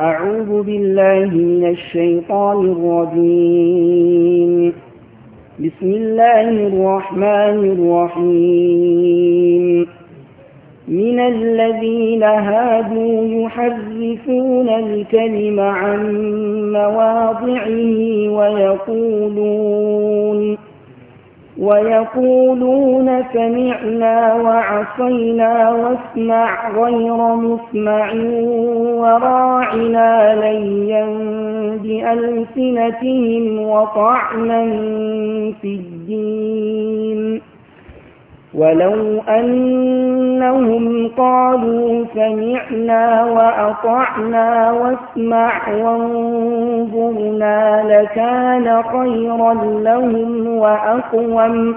أعوذ بالله من الشيطان الرجيم بسم الله الرحمن الرحيم من الذين هادوا يحرفون الكلم عن مواضعه ويقولون ويقولون سمعنا وعصينا واسمع غير مسمع وراعنا ليا بألسنتهم وطعنا في الدين ولو أنهم قالوا سمعنا وأطعنا واسمع وانظرنا لكان خيرا لهم وأقوم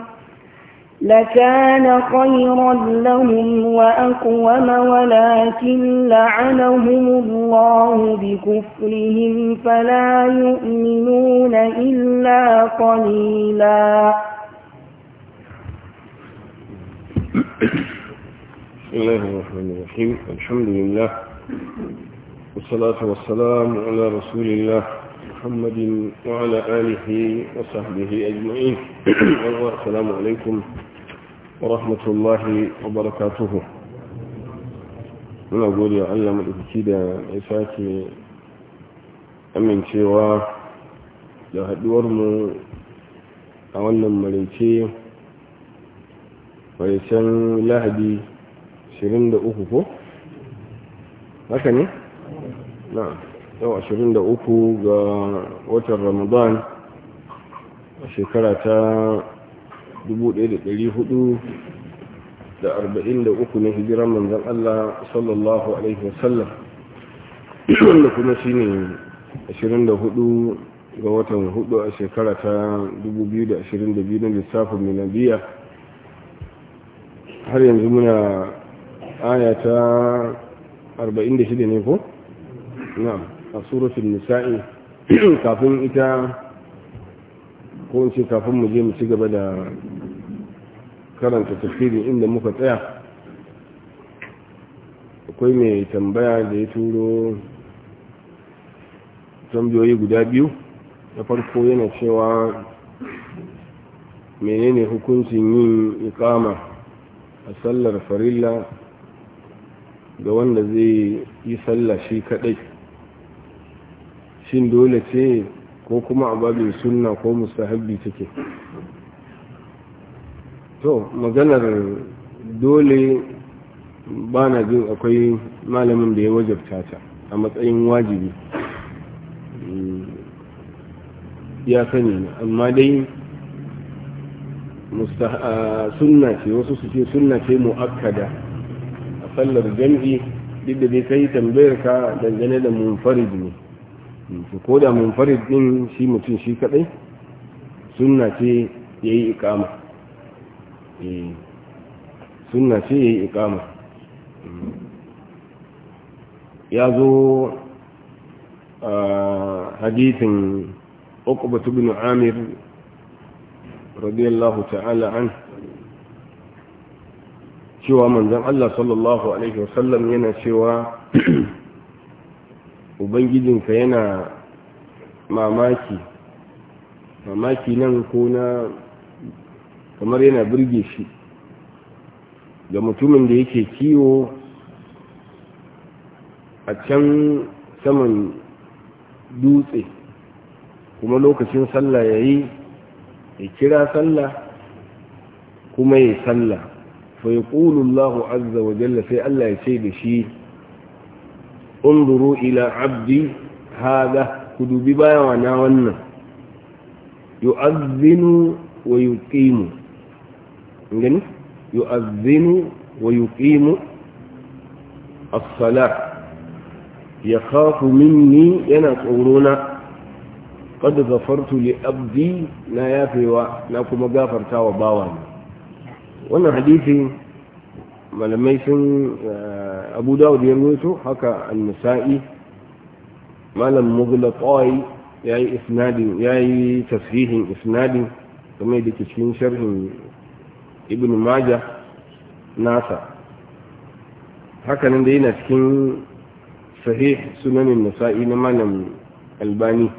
لكان خيرا لهم وأقوم ولكن لعنهم الله بكفرهم فلا يؤمنون إلا قليلاً بسم الله الرحمن الرحيم الحمد لله والصلاة والسلام على رسول الله محمد وعلى آله وصحبه أجمعين السلام عليكم ورحمة الله وبركاته من أقول يا علم الإبتداء إساتي أمن شواء لهدورم أولا مليكي wancan lahadi 23 ko haka ne na yau 23 ga watan ramadan a shekara ta 1443 na hijiran manzan Allah sallallahu alaihi wasallam wanda kuma shi ne 24 ga watan 4 a shekara ta 2022 na lissafin milabiya har yanzu muna aya ta 46 ne ko na a surufin nisa'i kafin ita ko kafin mu je mu ci gaba da karanta tafiri inda muka tsaya akwai mai tambaya da ya turo tambayoyi guda biyu da farko yana cewa menene hukuncin yin ikama a sallar farilla ga wanda zai yi sallah shi kadai shin dole ce ko kuma a sunna ko mustahabbi take to maganar dole ba na jin akwai malamin da ya wajabta ta a matsayin wajibi mm, ya sani amma dai sunna ce wasu su ce sunna ce mu'akkada a sallar jam'i duk da dai kai tambayar ka dangane da munfarid ne ko da munfarid din shi mutum shi kadai sunna ce yi ikama eh, sunna ce yi ikama ya zo a hadithin ukubatu bin amir radiyallahu ta'ala an cewa manzon Allah sallallahu alaihi wasallam yana cewa ubangijinka yana mamaki mamaki nan ko na kamar yana birge shi ga mutumin da yake kiwo a can saman dutse kuma lokacin sallah ya yi ya kira sallah kuma ya sallah fa yaqulu azza wa jalla sai Allah ya ce da shi unzuru ila abdi hada ku dubi bayawa na wannan yu'adhdhinu wa yuqimu ngani yu'adhdhinu wa yuqimu as-salah minni yana tsorona qad ghafartu li abdi na yafewa na kuma gafarta wa bawa ne wannan hadisi malamai sun abu dawud ya rawaito haka an-nasa'i malam mughlaqai yayi isnadin yayi tafsihin isnadi kamar da cikin sharhin ibn majah nasa hakanan da yana cikin sahih sunanin nasa'i na malam albani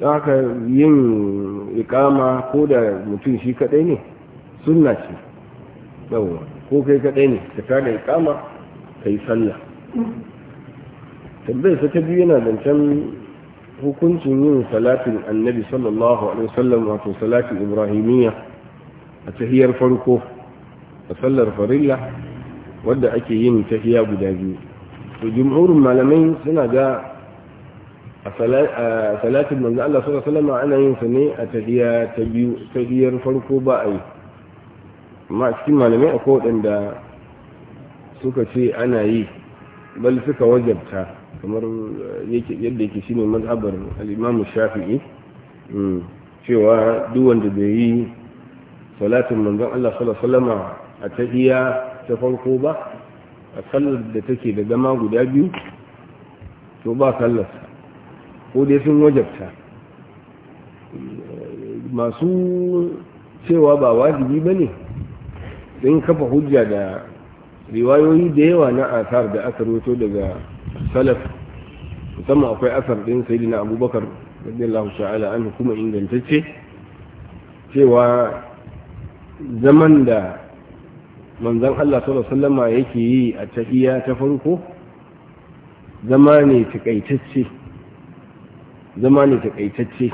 haka yin ikama ko da mutum shi kadai ne sunna ce yawwa ko kai kadai ne ka tada ikama ka yi sallah tambayar sa ta biyu yana zancen hukuncin yin salatin annabi sallallahu alaihi wasallam wato salatin ibrahimiyya a tahiyar farko a sallar farilla wadda ake yin tahiya guda biyu to jumhurin malamai suna ga a salatin manzo Allah sallallahu alaihi wasallam ana yin sa ne a tahiya ta biyu farko ba ai yi amma cikin malamai akwai waɗanda suka ce ana yi bal suka wajabta kamar yadda yake shine mazhabar al-Imam Shafi'i mm, cewa duk wanda bai yi salatin manzo Allah sallallahu alaihi wasallam a tahiya ta farko ba a sallar da take da zama guda biyu to ba sallarsa ko dai sun wajabta masu cewa ba wajibi ba ne sun kafa hujja da riwayoyi da yawa na asar da aka roto daga salaf musamman akwai asar ɗin na abubakar radiyallahu ta'ala an kuma ingantacce cewa zaman da manzan Allah sallallahu yake yi a tafiya ta farko zama ne takaitacce zama ne takaitacce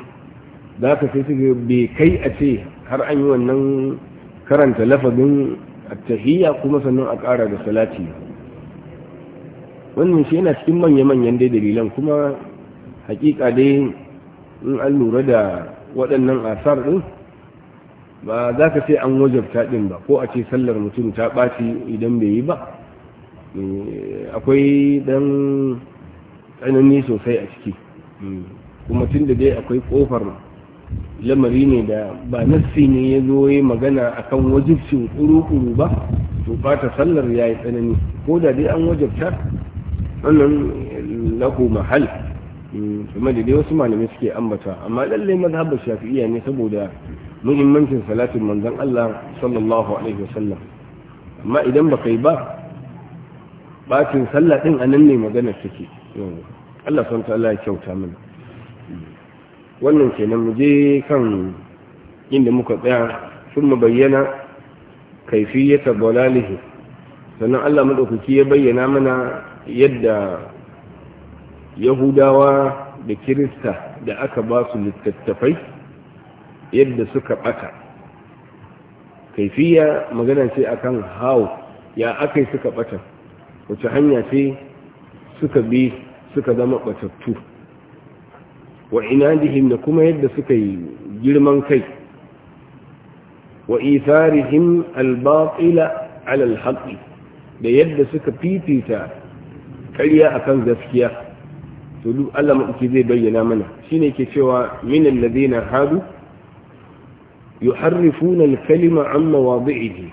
da ka sai suke bai kai a ce har an yi wannan karanta lafazin tahiyya kuma sannan a kara da salati wannan shi yana cikin manya-manyan dai dalilan kuma hakika dai in an lura da waɗannan asar ɗin ba za ka sai an wajabta ɗin ba ko a ce sallar mutum ta ɓaci idan bai yi ba eh, akwai ɗan tsanani sosai a ciki hmm. kuma tun da dai akwai kofar lamari ne da ba nassi ne ya zo ya magana a kan wajibcin kuru-kuru ba to bata sallar ya yi tsanani ko da dai an wajibta wannan lahu mahal mm, kuma da dai wasu malamai suke ambata amma lallai mazhabar shafi'iyya ne saboda muhimmancin salatin manzon Allah sallallahu alaihi wasallam amma idan ba kai ba bacin sallah din anan ne magana take Allah san ta Allah ya kyauta mana wannan kenan mu je kan inda muka tsaya sun mu bayyana kaifiyata bolalihi sannan Allah maɗaukaki ya bayyana mana yadda yahudawa da kirista da aka ba su littattafai yadda suka ɓata kaifiya magana ce akan hau ya aka suka ɓata wace hanya ce suka bi suka zama ɓatattu wa inadihim da kuma yadda suka yi girman kai wa itharihim albatila ala alhaqi da yadda suka fifita ƙarya akan gaskiya to duk Allah zai bayyana mana shine ke cewa min alladhina hadu yuharrifuna alkalima an mawadi'ihi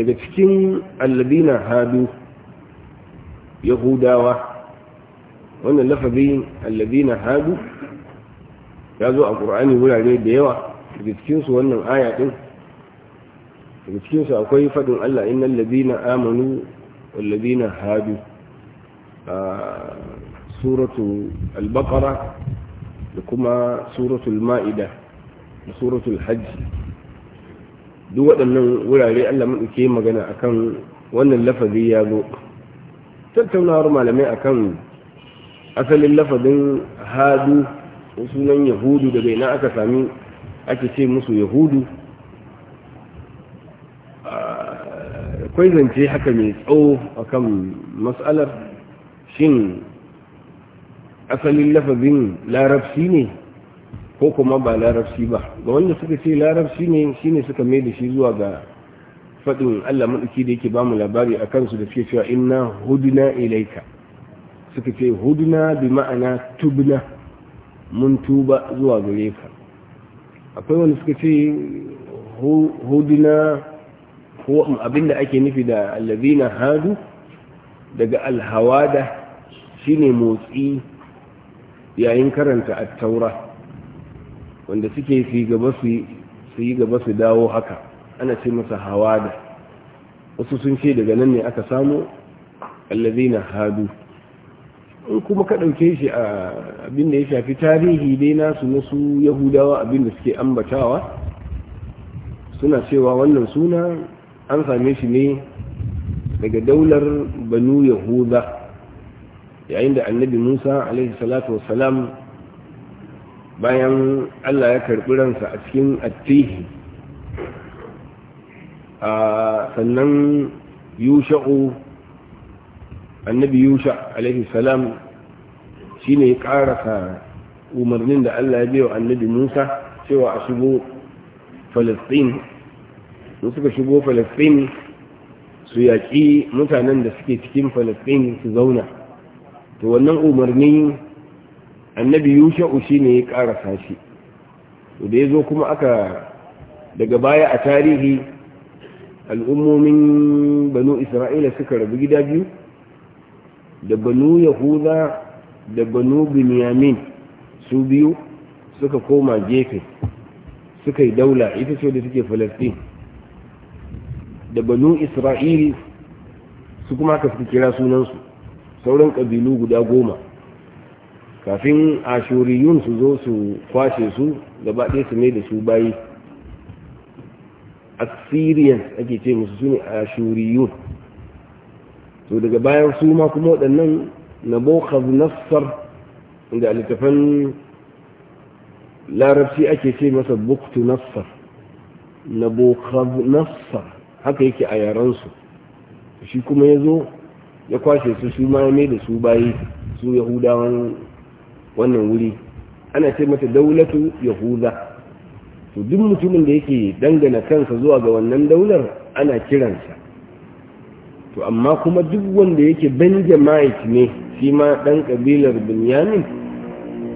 daga cikin alladhina hadu yahudawa wannan lafabin allazina hadu ya zo a qur'ani wurare da yawa da cikin wannan aya din daga cikin akwai faɗin Allah innal ladina amanu wal ladina a suratu al da kuma suratu al-ma'ida da suratu al duk waɗannan wurare Allah madauke magana akan wannan lafazi ya zo tattaunawar malamai akan asalin lafazin hadu sunan yahudu daga ina aka sami ake ce musu yahudu akwai zance haka mai tsawo akan matsalar shin asalin lafazin larabci ne ko kuma ba larabci ba ga wanda suka ce larabci ne shine suka mai da shi zuwa ga faɗin allah maɗuki da yake ba mu labari a kansu da suke cewa inna na ilaika suka ce hudna bi ma'ana tubna mun tuba zuwa gare ka akwai wani suka ce hudna abinda ake nufi da allazina hadu daga alhawada shine motsi yayin karanta at-taura wanda suke gaba su yi gaba su dawo haka ana ce masa hawada wasu sun ce daga nan ne aka samu allazina hadu kuma ka ɗauke shi a abin da ya shafi tarihi dai nasu na su yahudawa abin da suke ambatawa suna cewa wannan suna an same shi ne daga daular banu yahuda yayin da annabi musa alaihi salatu wassalam bayan allah ya karɓi ransa a cikin attihi a sannan yusha'u annabi yusha alaihi salam shine ya ƙarasa umarnin da Allah ya biyo annabi Musa cewa a shigo falastin su suka shigo falastin su yaƙi mutanen da suke cikin falastin su zauna to wannan umarni annabi Yusha'u shine ya ƙarasa shi to da yazo kuma aka daga baya a tarihi al'ummomin banu Isra'ila suka rabu gida biyu da banu yahuda da banu binyamin su biyu suka koma gefe suka yi daula ita ce da suke falastin da banu isra'ili su kuma ka suka kira sunansu sauran ƙabilu guda goma kafin ashuriyun su zo su kwashe su gaba ɗaya su ne da su bayi assyrians ake ce musu su ne ashuriyun to daga bayan su ma kuma waɗannan nabokaz nassar inda littafan larabci ake ce masa buktu nassar nabokaz nassar haka yake a yaransu shi kuma ya zo ya kwashe su su ma mai da su bayi su yahudawan wannan wuri ana ce mata daulatu yahuda to duk mutumin da yake dangana kansa zuwa ga wannan daular ana kiransa to amma kuma duk wanda yake benjamite ne shi ma ɗan ƙabilar binyamin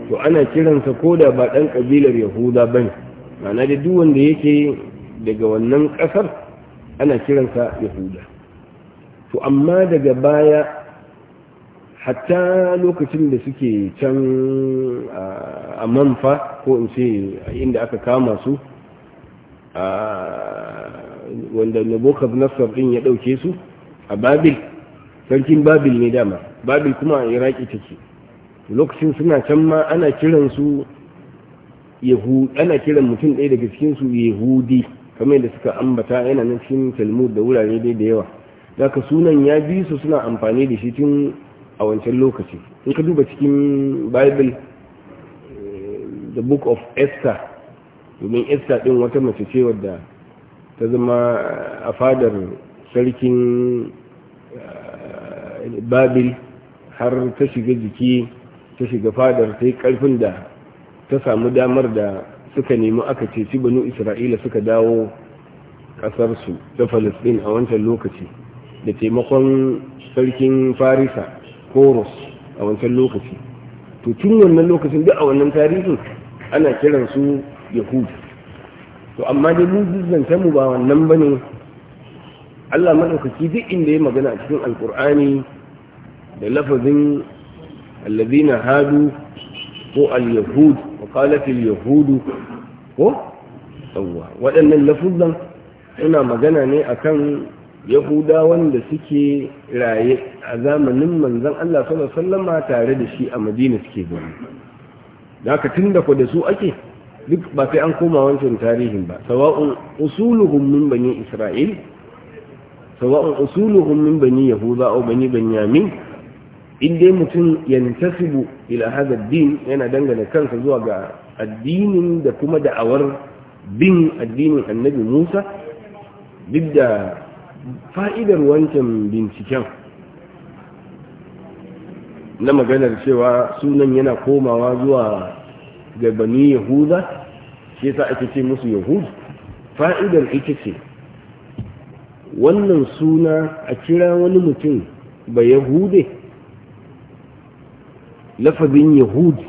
to ana kiransa ko da ba ɗan ƙabilar yahuda ba ne ma'ana da duk wanda yake daga wannan ƙasar ana kiransa yahuda to amma daga baya hatta lokacin da suke can a manfa ko in ce inda aka kama su wanda nabokov nasar ɗin ya ɗauke su a babil sarkin babil ne dama babil kuma a iraki take lokacin suna can ma ana kiran su ana kiran mutum ɗaya daga cikin su yahudi kamar da suka ambata yana nan cikin talmud da wurare dai da yawa zaka sunan ya bi su suna amfani da shi tun a wancan lokaci in ka duba cikin bible eh, the book of esther domin esther din wata mace ce wadda ta zama a fadar sarkin eh, babil har ta shiga jiki ta shiga fadar ta karfin da ta samu damar da suka nemi aka ceci banu isra'ila suka dawo kasarsu ta falisdin a wancan lokaci da taimakon sarkin farisa horus a wancan lokaci to tun wannan lokacin duk a wannan tarihin ana kiransu yahudu to amma dai mu zancen mu ba wannan bane Allah madaukaki duk inda ya magana a cikin alkur'ani da lafazin allazina hadu ko al-yahud wa qalat al ko yawa waɗannan lafuzan suna magana ne akan yahudawan da suke raye a zamanin manzon Allah sallallahu alaihi wasallam tare da shi a Madina suke zaune da ka tunda ku da su ake duk ba sai an koma wancan tarihin ba sawa'un usuluhum min bani Isra'il sawa'un usuluhum min bani yahuda aw bani banyamin in dai mutum yantasibu ila hada din yana dangana kansa zuwa ga addinin da kuma da'awar bin addinin annabi Musa duk da fa'idar wancan binciken na maganar cewa sunan yana komawa zuwa ga bani yahuda shi yasa ake ce musu yahud fa'idar ita ce wannan suna a kira wani mutum ba yahude lafazin yahudi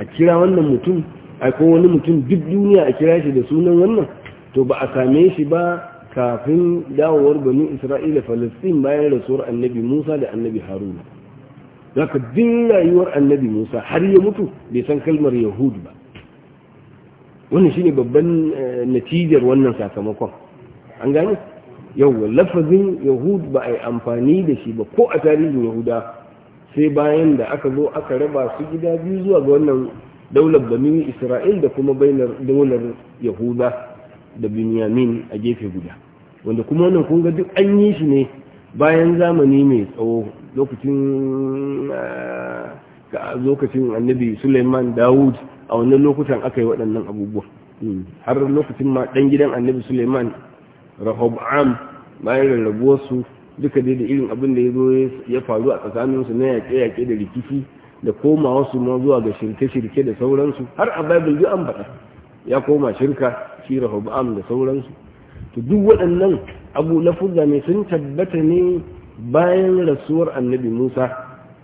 a kira wannan mutum aiko wani mutum duk duniya a kira shi da sunan wannan to ba a same shi ba kafin dawowar bani isra'ila falastin bayan rasuwar annabi musa da annabi haruna ka din rayuwar annabi musa har ya mutu bai san kalmar yahud ba wannan shine babban eh, natijar wannan sakamakon an gane yawwa lafazin yahud ba a yi amfani da shi ba ko a tarihin yahuda sai bayan da aka zo aka raba su gida biyu zuwa ga wannan daular bani isra'il da kuma bainar daular yahuda da binyamin a gefe guda wanda kuma wannan kun ga duk an yi shi ne bayan zamani mai tsawo lokacin ah, lokacin annabi suleiman dawud a wannan lokutan aka yi waɗannan abubuwa hmm, har lokacin ma ɗan gidan annabi suleiman am bayan rarrabuwarsu duka dai da irin abin da ya zo ya faru a tsakaninsu na yaƙe-yaƙe da rikici da koma wasu ma zuwa ga shirke-shirke da sauransu har a bible duk an faɗa ya koma shirka shi am da sauransu to duk waɗannan abu lafuzza ne sun tabbata ne bayan rasuwar annabi musa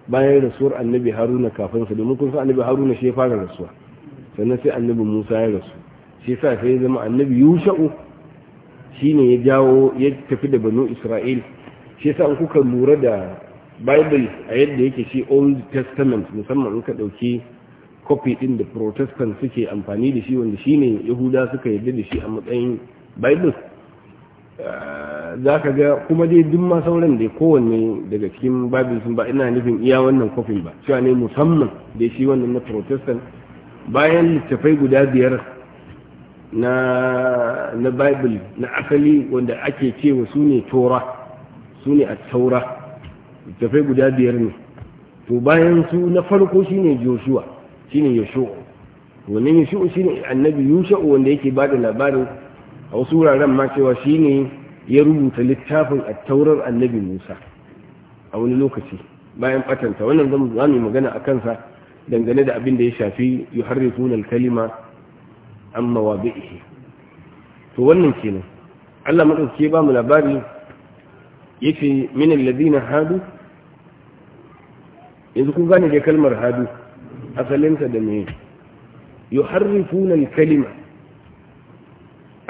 bayan rasuwar annabi haruna kafin sa domin kun san annabi haruna shi ya fara rasuwa sannan sai annabi musa ya rasu shi sa sai ya zama annabi yusha'u shine ya jawo ya tafi da banu isra'il shi yasa an kuka lura da bible a yadda yake shi old testament musamman in ka ɗauki kofi ɗin da protestant suke amfani da shi wanda shi ne yahuda suka yarda da shi a matsayin bible eh, za ka ga kuma dai duk ma sauran da kowanne daga cikin babin sun ba ina nufin iya wannan kofin ba cewa ne musamman da shi wannan na protestant bayan littafai guda biyar na na bible na asali wanda ake cewa su ne tora su ne taura tafai guda biyar ne to bayan su na farko shine joshua shine yashu wannan shine annabi yusha wanda yake bada labarin a wasu wuraren ma cewa shine ya rubuta littafin taurar annabi musa a wani lokaci bayan patanta wannan zamu magana a kansa dangane da abin da ya shafi yuharrifuna al-kalima an mawabi'ihi to wannan kenan Allah madauke ba mu labari yace minin alladhina hadu yanzu ku gane da kalmar hadu asalinsa da me yuharrifuna al-kalima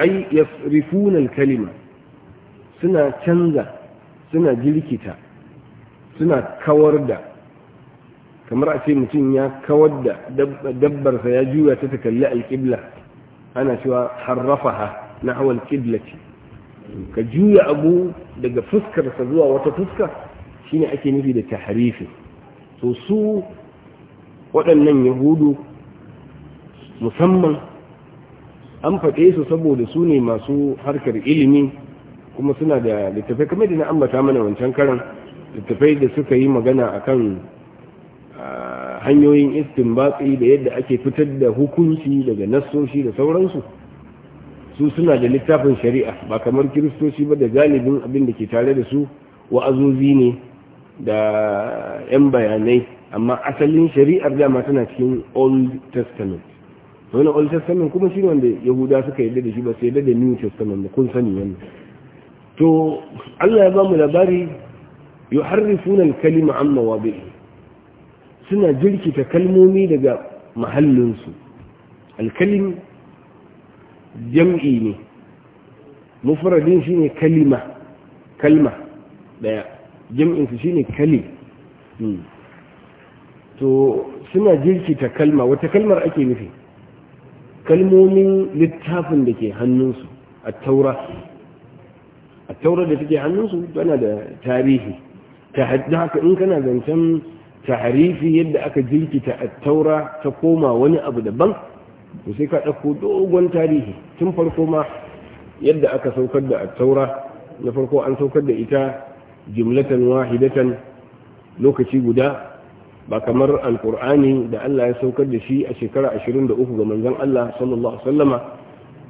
ay yasrifuna kalima suna canza suna jirkita suna kawar da kamar a ce mutum ya kawar da dabbarsa ya juya ta ta kalli alƙibla ana cewa harrafaha na hawal kiblaci ka juya abu daga fuskarsa zuwa wata fuska shine ake nufi da tahrifi to su waɗannan yahudu musamman an faɗe su saboda su ne masu harkar ilimi kuma suna da littafai kamar da na ambata mana wancan karan littafai da suka yi magana akan hanyoyin istinbatsi da yadda ake fitar da hukunci daga nassoshi da sauransu su suna da littafin shari'a ba kamar kiristoci ba da galibin abin da ke tare da su wa'azozi ne da 'yan bayanai amma asalin shari'ar dama tana cikin old testament wani old testament kuma shi wanda yahuda suka yadda da shi ba su yadda da new testament da kun sani wannan to allah ya ba mu labari yuharrifuna al-kalima amma wabi'i suna jirkita kalmomi daga mahallinsu alkalin jam'i ne mufradin shine kalima kalma daya jam'insu shine kalim hmm. to suna jirkita kalma wata kalmar ake nufi kalmomin littafin da ke hannunsu a taura a taura da take hannunsu tana da tarihi ta haka in kana zancen tarifi yadda aka jinkita a taura ta koma wani abu daban to sai ka ɗauko dogon tarihi tun farko ma yadda aka saukar da taura na farko an saukar da ita jimlatan wahidatan lokaci guda ba kamar alkur'ani da Allah ya saukar da shi a shekara 23 ga manzon Allah sallallahu alaihi wasallama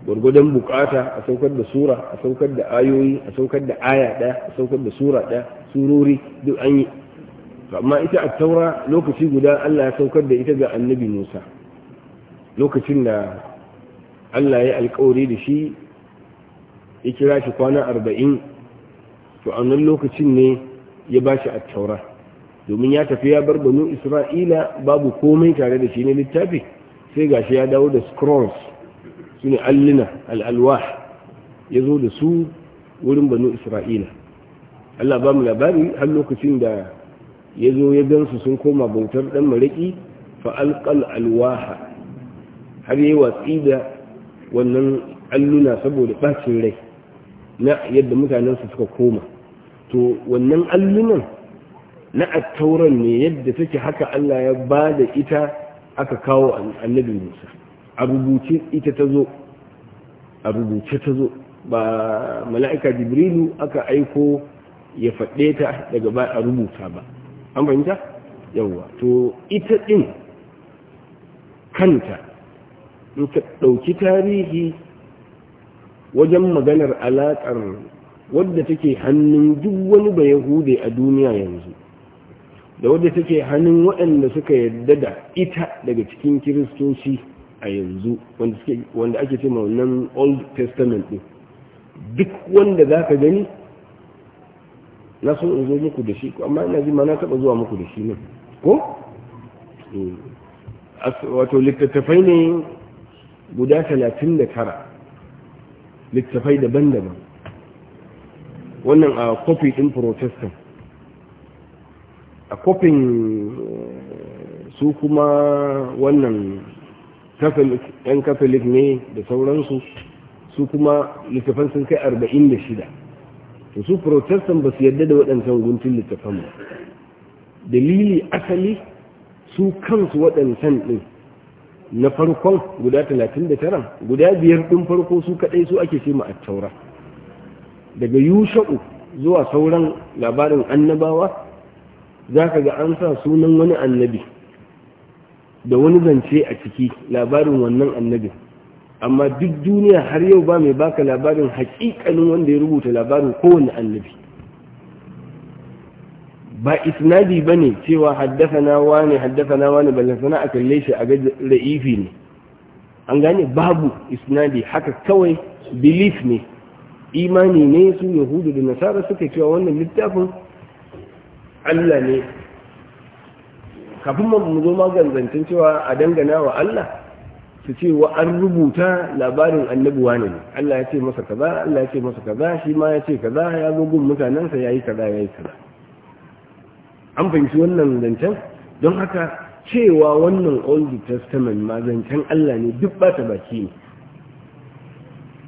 gurgudan bukata a saukar da sura a saukar da ayoyi a saukar da aya daya a saukar da sura daya surori duk an yi amma ita a taura lokaci guda Allah ya saukar da ita ga annabi Musa lokacin da Allah ya alkawari da shi ya kira shi kwana arba'in to a nan lokacin ne ya ba shi a taura domin ya tafi ya bar banu Isra'ila babu komai tare da shi ne littafi sai gashi ya dawo da scrolls su ne allina al'alwa ya zo da su wurin banu Isra'ila Allah ba mu labari har lokacin da ya zo ya gansu sun koma bautar ɗan mariki fa'alƙal alwaha har yi watsi da wannan alluna saboda ɓacin rai na yadda mutanensu suka koma to wannan allunan na attauran ne yadda take haka Allah ya ba da ita aka kawo annabi Musa a rubuce ita ta zo a ba mala'ika jibrilu aka aiko ya faɗe ta daga ba a rubuta ba an bayyanta yawwa to ita din kanta in ka ɗauki tarihi wajen maganar alaƙar wadda take hannun duk wani ba yahude a duniya yanzu da wadda take hannun waɗanda suka yarda da ita daga cikin kiristoci a yanzu wanda ake ce ma old testament din duk wanda za ka gani na so in zo muku da shi amma ina ji ma na taɓa zuwa muku da shi ne ko eh, wato littattafai ne guda talatin da tara littattafai daban-daban wannan a kofi ɗin protestant a kofin eh, su kuma wannan yan catholic ne da sauransu su kuma littattafan sun kai arba'in da shida to su protestant ba su yarda da waɗancan guntun littafan ba dalili asali su kansu waɗancan ɗin na farkon guda 39 guda biyar ɗin farko su kaɗai su ake ce a taura daga yusha'u zuwa sauran labarin annabawa za ka ga an sa sunan wani annabi da wani zance a ciki labarin wannan annabin amma duk duniya har yau ba mai baka labarin hakikanin wanda ya rubuta labarin kowane annabi ba isnadi ba ne cewa na wane na wane ballasana a kalle shi a ra'ifi ne an gane babu isnadi haka kawai belief ne imani ne su yahudu da nasara suka cewa wannan littafin allah ne kafin mu zo maganzancin cewa a dangana wa allah su ce wa an rubuta labarin annabuwa ne Allah ya ce masa kaza Allah ya ce masa kaza shi ma ya ce kaza ya zo gun mutanensa ya yi kaza ya yi kaza an fahimci wannan zancen don haka cewa wannan old testament ma zancen Allah ne duk ba ta baki ne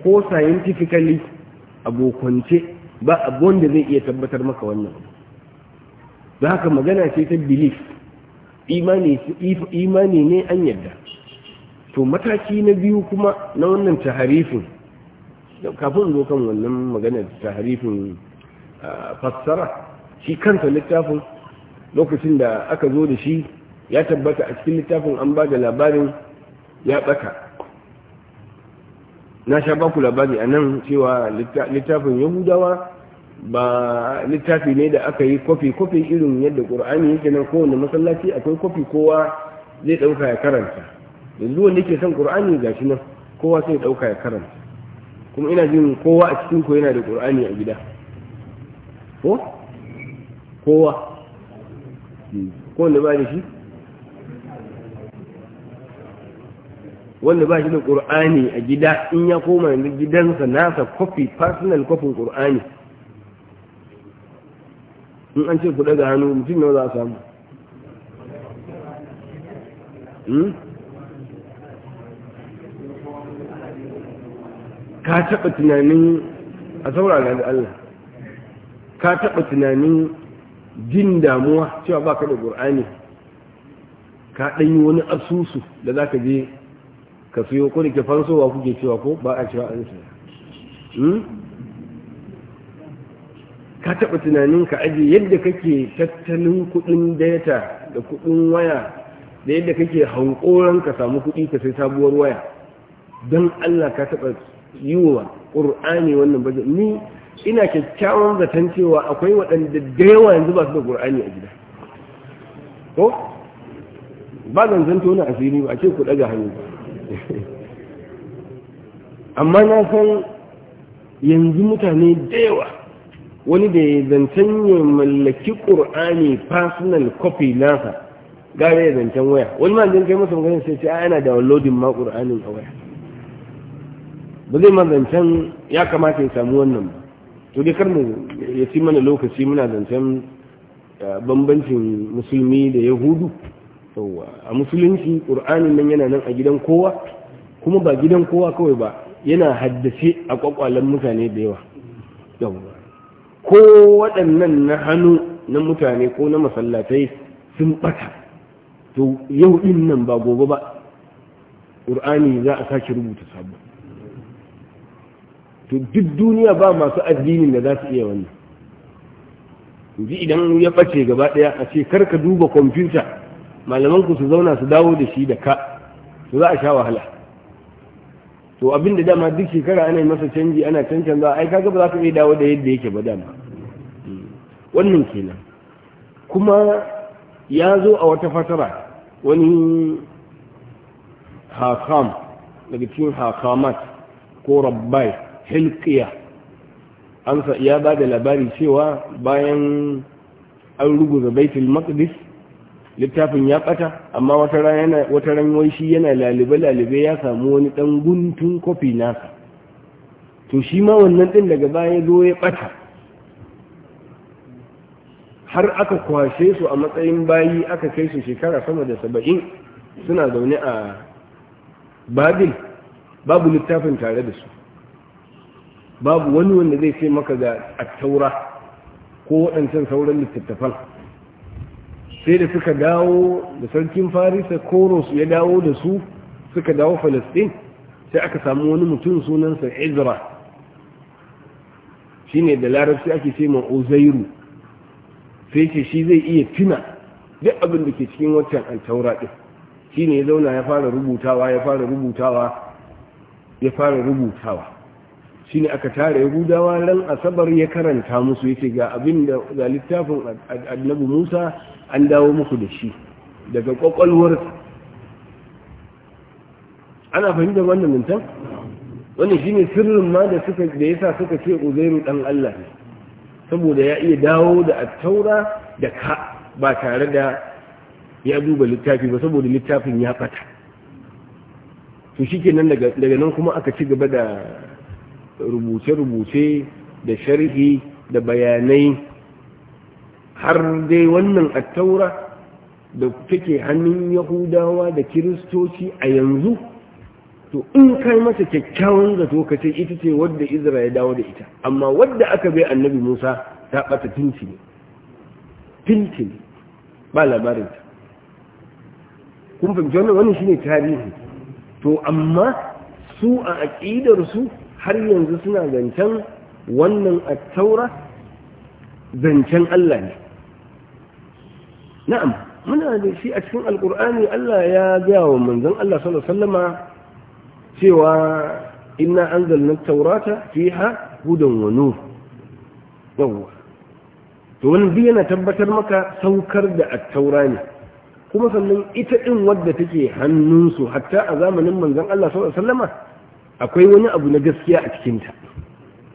ko scientifically abokance ba abu da zai iya tabbatar maka wannan ba haka magana ce ta belief imani ne an yadda to mataki na biyu kuma na wannan taharifin kafin zo kan wannan maganar taharifin fassara shi kansa littafin lokacin da aka zo da shi ya tabbata a cikin littafin an ba da labarin ya tsaka. na sha baku labari a nan cewa littafin yahudawa ba littafi ne da aka yi kwafi-kwafi irin yadda ƙur'ani yake nan kowane masallaci akwai kwafi kowa zai ɗauka ya karanta yanzu wanda yake son qur'ani gashi nan kowa sai ya dauka ya karanta kuma ina jin kowa a cikin ku yana da qur'ani a gida ko kowa ko wanda ba da shi wanda ba shi da qur'ani a gida in ya koma yanzu gidansa nasa copy personal copy qur'ani in an ce ku daga hannu mutum nawa za a samu hmm? ka taɓa tunanin a saurara da Allah ka taɓa tunanin jin damuwa cewa ba ka da ƙur'ani ka ɗanyi wani asusu da za ka je ka siyo ko da ke fansowa kuke cewa ko ba a cewa an saya hmm? ka taɓa tunanin ka aje yadda kake tattalin kuɗin data da kuɗin waya da yadda kake hankoron ka samu kuɗi ka sai sabuwar waya don Allah ka taɓa yi wa ƙur'ani wannan bajin ni ina kyakkyawan zaton cewa akwai waɗanda da yawa yanzu ba su da ƙur'ani a gida ko ba zanzan tona asiri ba a ce ku ɗaga hannu amma na san yanzu mutane da yawa wani da ya zancen ya mallaki ƙur'ani personal copy nasa gare ya zancen waya wani ma kai masa magana sai ce ana downloading ma ƙur'anin a waya ba zai ma zancen ya kamata ya samu wannan ba to dai kar mu ya ci mana lokaci muna zancen eh, bambancin musulmi da yahudu a musulunci ƙur'ani nan yana nan a gidan kowa kuma ba gidan kowa kawai ba yana haddace a kwakwalen mutane da yawa ko waɗannan na hannu na mutane ko na masallatai sun ɓata to yau ɗin nan ba gobe ba ƙur'ani za a sake rubuta sabon to duk duniya ba masu addinin da za su iya wannan ji idan ya bace gaba ɗaya a ce kar ka duba kwamfuta malaman ku su zauna su dawo da shi da ka to za a sha wahala to abin da dama duk shekara ana masa canji ana za ai kaga ba za ka iya dawo da yadda yake ba dama wannan kenan kuma ya zo a wata fatara wani hakam daga cikin hakamat ko rabbai hilkiya amsa ya ba da labari cewa bayan an ruguza baitul maqdis littafin ya bata amma wata ran wata ran wai shi yana lalibe lalibe ya samu wani dan guntun kofi naka to shi ma wannan din daga baya zo ya bata har aka kwashe su a matsayin bayi aka kai su shekara sama da saba'in suna zaune a babil babu littafin tare da su babu wani wanda zai ce maka ga attaura ko waɗancan sauran littattafan sai da suka dawo da sarkin farisa koros ya dawo da su suka dawo falastin sai aka samu wani mutum sunansa shi ne da larabci ake ce ma uzairu sai ce shi zai iya tuna duk abin da ke cikin waccan altaura ɗin shi ne ya zauna ya fara rubutawa ya fara rubutawa ya fara rubutawa shine aka tara yahudawa ran asabar ya karanta musu yake ga abin da ga littafin annabi Musa an dawo muku da shi daga kwakwalwar ana fahimtar wannan mintan wannan shine sirrin ma da suka da yasa suka ce Uzairu dan Allah ne saboda ya iya dawo da attaura da ka ba tare da ya duba littafi ba saboda littafin ya fata to shikenan daga daga nan kuma aka ci gaba da rubuce-rubuce da sharhi da bayanai har dai wannan attaura da take hannun yahudawa da kiristoci a yanzu to in kai masa kyakkyawan zato ka ce ita ce wadda izra ya dawo da ita amma wadda aka bai annabi musa ta bata tintini tintini ba labarinta kun fahimci wannan wani shine tarihi to amma su a aƙidarsu har yanzu suna zancen wannan attaura zancen Allah ne na'am muna da shi a cikin alkur'ani Allah ya gaya wa manzon Allah sallallahu alaihi wasallama cewa inna anzalna taurata fiha hudan wa nur yawwa to wannan yana tabbatar maka saukar da attaura ne kuma sannan ita din wadda take hannunsu hatta a zamanin manzon Allah sallallahu alaihi wasallama akwai wani abu na gaskiya a cikinta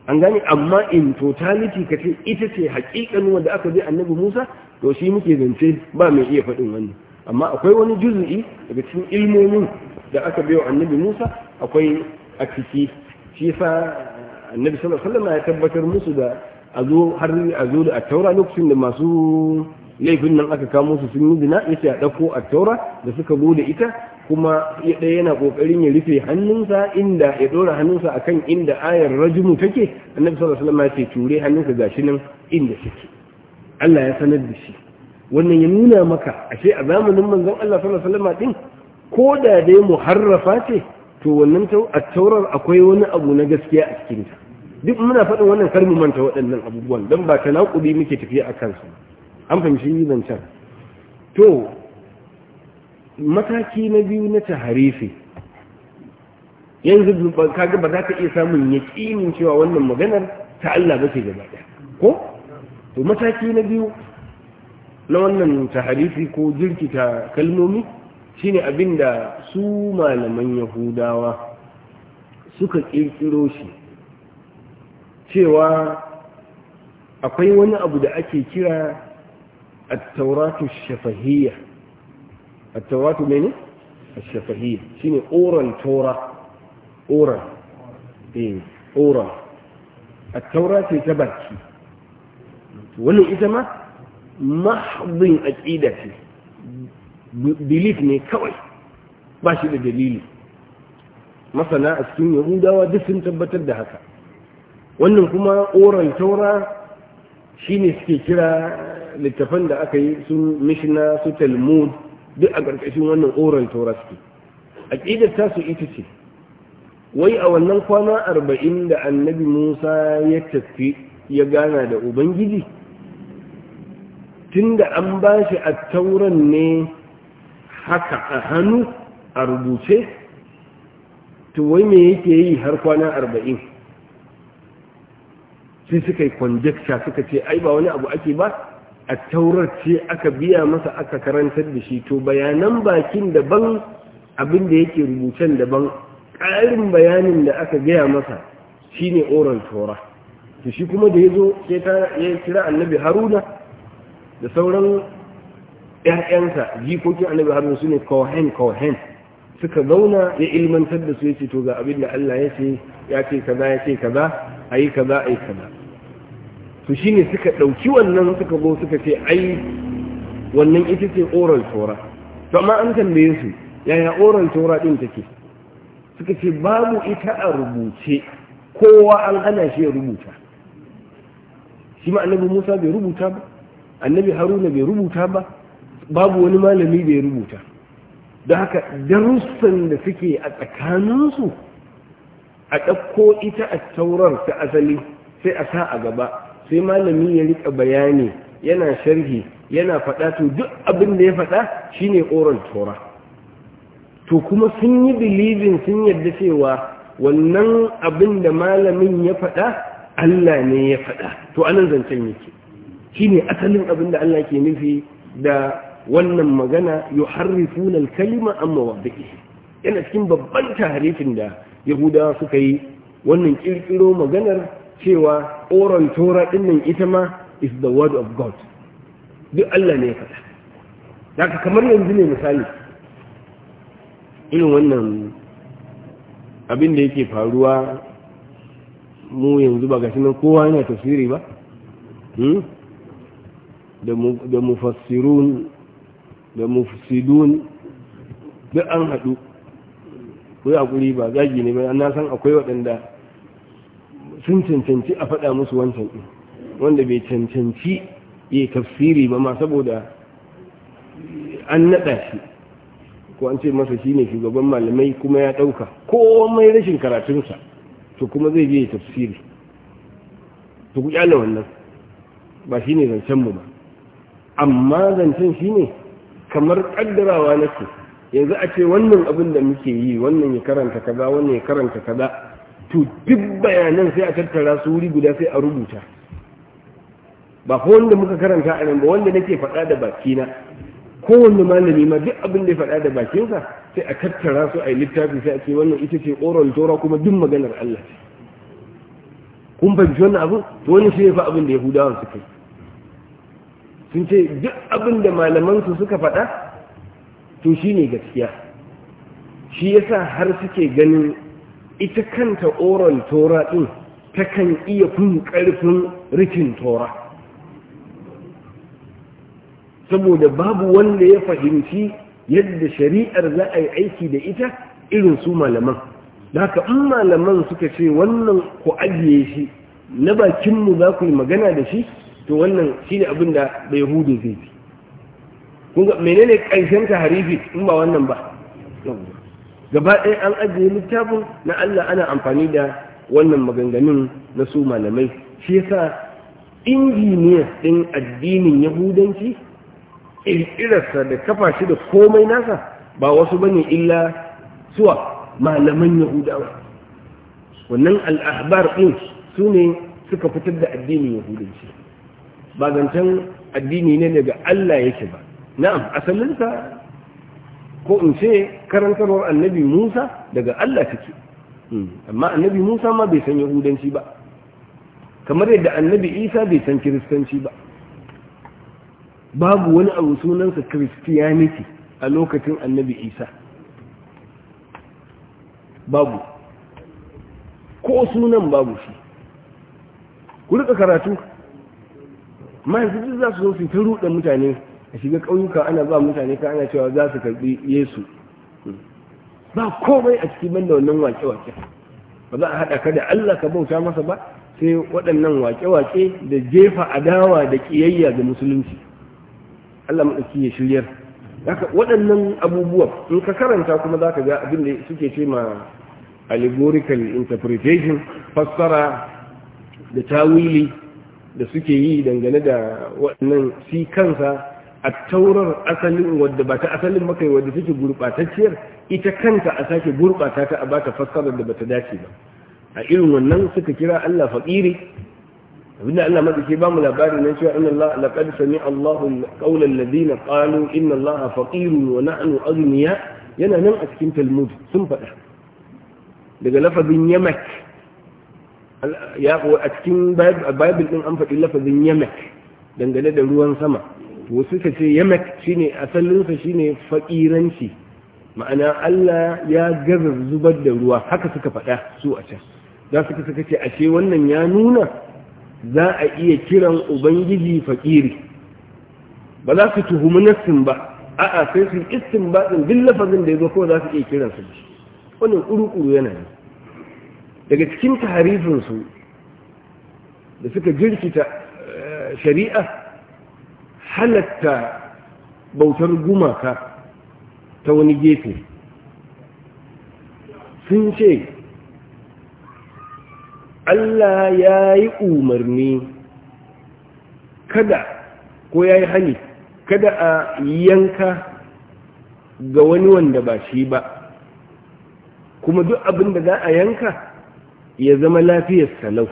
an gane amma in totality ka ce ita ce hakikan wanda aka bi annabi musa to shi muke zance ba mai iya faɗin wannan amma akwai wani juzu'i daga cikin ilmomin da aka biyo annabi musa akwai a ciki shi yasa annabi sallallahu alaihi ya tabbatar musu da a zo har a zo da taura lokacin da masu laifin nan aka kamo su sun yi zina yace a dauko taura da suka bude ita kuma ɗaya yana ƙoƙarin ya rufe hannunsa inda ya ɗora hannunsa a kan inda ayar rajimu take annabi sallallahu alaihi wasallam ya ce ture hannunka shi nan inda take Allah ya sanar da shi wannan ya nuna maka ashe a zamanin manzon Allah sallallahu alaihi ko da dai muharrafa ce to wannan taurar akwai wani abu na gaskiya a cikin ta duk muna faɗin wannan kar mu manta waɗannan abubuwan dan ba ta naƙudi muke tafiya a kansu an fahimci zancen to mataki na biyu na taharifi yanzu kaga ba za ka iya samun yaƙinin cewa wannan maganar ta Allah ba ce gaba ko to mataki na biyu na wannan taharifi ko jirkita kalmomi shine abin da su malaman yahudawa suka ƙirƙiro shi cewa akwai wani abu da ake kira at-tauratu shafahiyya at-tauratu mene ash-shafahiyya shine oral tora oral eh oral at-taura ce ta baki wannan ita ma mahdin aqida ce belief ne kawai Bashi da dalili masana a cikin yahudawa duk sun tabbatar da haka wannan kuma oral taura shine suke kira littafan da aka yi su mishina, su talmud duk a ƙarƙashin wannan oral taura suke aƙidar tasu ita ce wai a wannan kwana arba'in da annabi musa ya tafi ya gana da ubangiji Tunda an ba shi a tauran ne haka a hannu a rubuce wai me yake yi har kwana arba'in sai suka yi kwanjakta suka ce ai ba wani abu ake ba a taurar ce aka biya masa aka karantar da shi to bayanan bakin daban abin da yake rubutun daban ƙarin bayanin da aka gaya masa shine oran tora to shi kuma da ya zo ya kira annabi haruna da sauran ‘ya'yansa jikokin annabi haruna su ne kohen kohen suka zauna ya ilmantar da su ya ce to ga abin da allah ya ce ya ce kaza ya ce kaza a yi kaza a yi kaza to shine suka ɗauki wannan suka zo suka ce ai wannan ita ce oral tora to amma an tambaye su yaya oral tora ɗin take suka ce babu ita a rubuce kowa an hana shi ya rubuta shi ma annabi musa bai rubuta ba annabi haruna bai rubuta ba babu wani malami bai rubuta da haka darussan da suke a tsakaninsu a ɗauko ita a taurar ta asali sai a sa a gaba sai malami ya rika bayani yana sharhi yana faɗa to duk abin da ya faɗa shine oral tora. to kuma sun yi believing sun yarda cewa wannan abin da malamin ya faɗa Allah ne ya faɗa to anan zancen yake shine asalin abin da Allah ke nufi da wannan magana yuharrifuna al-kalima amma mawadihi yana cikin babban tarihin da yahudawa suka yi wannan kirkiro maganar cewa oron tora ɗinnan ita ma is the word of God duk Allah ne ya faɗa daga kamar yanzu ne misali irin wannan abin da yake faruwa mu yanzu ba gashi nan kowa yana tafsiri ba hmm? da mufassirun da mufsidun duk an haɗu ko ya ba zagi ne ba na san akwai waɗanda sun cancanci a faɗa musu wancan ɗin wanda bai cancanci ya tafsiri ba ma saboda an naɗa shi ko an ce masa shi ne shugaban malamai kuma ya ɗauka komai rashin karatunsa to kuma zai je tafsiri to ku kyale wannan ba shi ne zancen mu ba amma zancen shi ne kamar ƙaddarawa nake yanzu a ce wannan abin da muke yi wannan ya karanta kaza wannan ya karanta kaza to duk bayanan sai a tattara su wuri guda sai a rubuta ba ko wanda muka karanta a nan ba wanda nake faɗa da bakina wanda malami ma duk abin da ya faɗa da bakinsa sai a tattara su a yi littafi sai a ce wannan ita ce oral tora kuma duk maganar Allah ce kun fahimci wannan abu to wani sai ya fa abin da yahudawan su kai sun ce duk abin da malamansu suka faɗa to shine gaskiya shi yasa har suke ganin ita kanta oral tora ɗin ta kan iya fin ƙarfin rikin tora saboda babu wanda ya fahimci yadda shari'ar za a yi aiki da ita irin su malaman da haka in malaman suka ce wannan ku ajiye shi na bakinmu za ku yi magana da shi to wannan shi ne abin da bai hudu zai fi menene ƙarshen ta harifi in ba wannan ba gaba ɗaya an ajiye littafin na Allah ana amfani da wannan maganganun na su malamai shi yasa injiniya ɗin addinin yahudanci ƙirƙirarsa da kafa shi da komai nasa ba wasu bane illa suwa malaman yahudawa wannan al'ahbar ɗin su ne suka fitar da addinin yahudanci ba zancen addini ne daga Allah yake ba na'am asalinsa ko in ce karantarwar annabi musa daga allah take hmm. amma annabi musa ma bai san yahudanci ba kamar yadda annabi isa bai san kiristanci ba babu wani abu sunansa christianity a lokacin annabi isa babu ko sunan babu shi ku rika karatu ma yanzu za su zo su ta ruɗa mutane a shiga ƙauyuka ana ba mutane ka ana cewa za su karɓi yesu ba komai a cikin banda wannan wake-wake ba za a haɗa ka da allah ka bauta masa ba sai waɗannan wake-wake da jefa adawa da ƙiyayya da musulunci allah maɗauki ya shiryar haka waɗannan abubuwan in ka karanta kuma za ka ga abin da suke ce ma allegorical interpretation fassara da tawili da suke yi dangane da waɗannan si kansa a taurar asalin wadda ba ta asalin makai wadda take gurɓatacciyar ita kanta a sake gurɓata ta a bata fassarar da bata dace ba a irin wannan suka kira Allah faƙiri abinda Allah maɗauki ba mu labarin nan cewa inna Allah laqad sami Allahu qawlan ladina qalu inna Allah faqirun wa nahnu aghniya yana nan a cikin Talmud sun faɗa daga lafazin yamak ya a cikin Bible din an faɗi lafazin yamak dangane da ruwan sama wasu ce yamak shine asalinsa shine faƙiranci ma'ana Allah ya gaza zubar da ruwa haka suka faɗa su a can za su suka ce ashe wannan ya nuna za a iya kiran ubangiji fakiri ba za su tuhumi nassin ba a'a sai su istin baɗin duk lafazin da ya zo kawai za su iya kiran su wannan ƙuruƙuru yana ne daga cikin su da suka jirkita eh, shari'a halatta bautar gumaka ta wani gefe sun ce Allah ya yi umarni kada ko ya yi hani kada a yanka ga wani wanda ba shi ba kuma duk abin da za a yanka ya zama lafiyar salau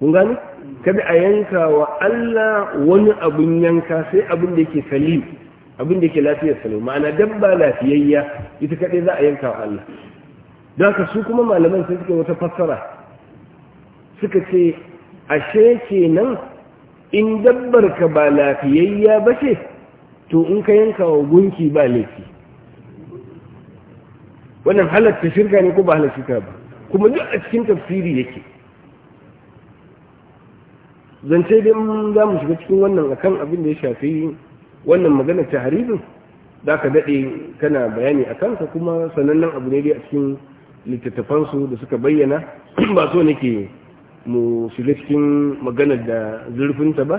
kun gani kada a yanka wa Allah wani abun yanka sai abin da yake salim abin da yake lafiyar salim ma'ana dabba lafiyayya ita kadai za a yanka wa Allah don haka su kuma malaman sai suka wata fassara suka ce ashe kenan in dabbar ka ba lafiyayya ba ce to in ka yanka wa gunki ba laifi wannan halatta shirka ne ko ba halatta shirka ba kuma duk a cikin tafsiri yake zance dai za mu shiga cikin wannan akan abin da ya shafi wannan magana ta haribin za ka daɗe kana bayani a kansa kuma sanannen abu ne dai a cikin littattafansu da suka bayyana ba so nake mu shiga cikin maganar da zurfinta ba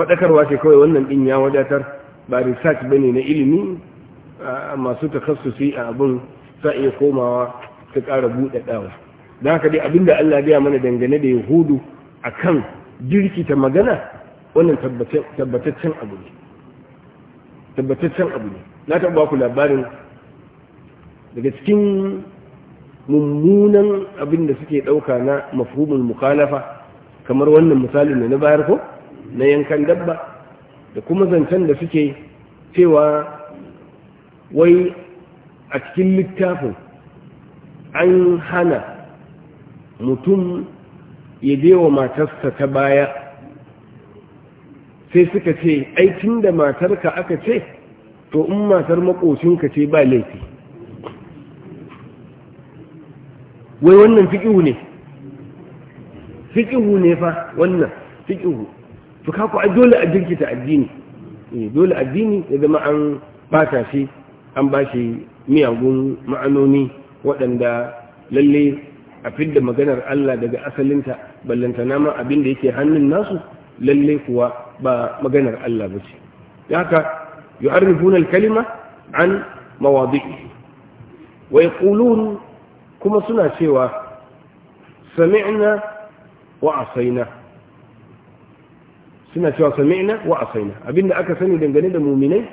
faɗakarwa ce kawai wannan ɗin ya wadatar ba research ba ne na ilimi masu takassusi a abin sa iya komawa ta ƙara buɗaɗawa don haka dai da Allah biya mana dangane da yahudu a kan ta magana wannan tabbataccen abu ne tabbataccen abu ne na taɓa ku labarin daga cikin mummunan abin da suke ɗauka na mafhumul mukhalafa kamar wannan misalin da na bayar ko na yankan dabba da kuma zancen da suke cewa wai a cikin littafin an hana mutum ya je wa matarsa ta baya sai suka ce aikin da matarka aka ce to in matar makocinka ce ba laifi wai wannan fiƙihu ne fiƙihu ne fa wannan fiƙihu to kaku a dole a jirkita addini eh, dole addini ya zama an bata shi an ba shi miyagun ma'anoni waɗanda lalle a fidda maganar Allah daga asalinta ballanta ma abin da yake hannun nasu lalle kuwa ba maganar Allah ba ce haka yu'arrifuna al-kalima an mawadi'i wai kulun kuma suna cewa sami'na wa asaina suna cewa sami'na wa asaina aka sani dangane da muminai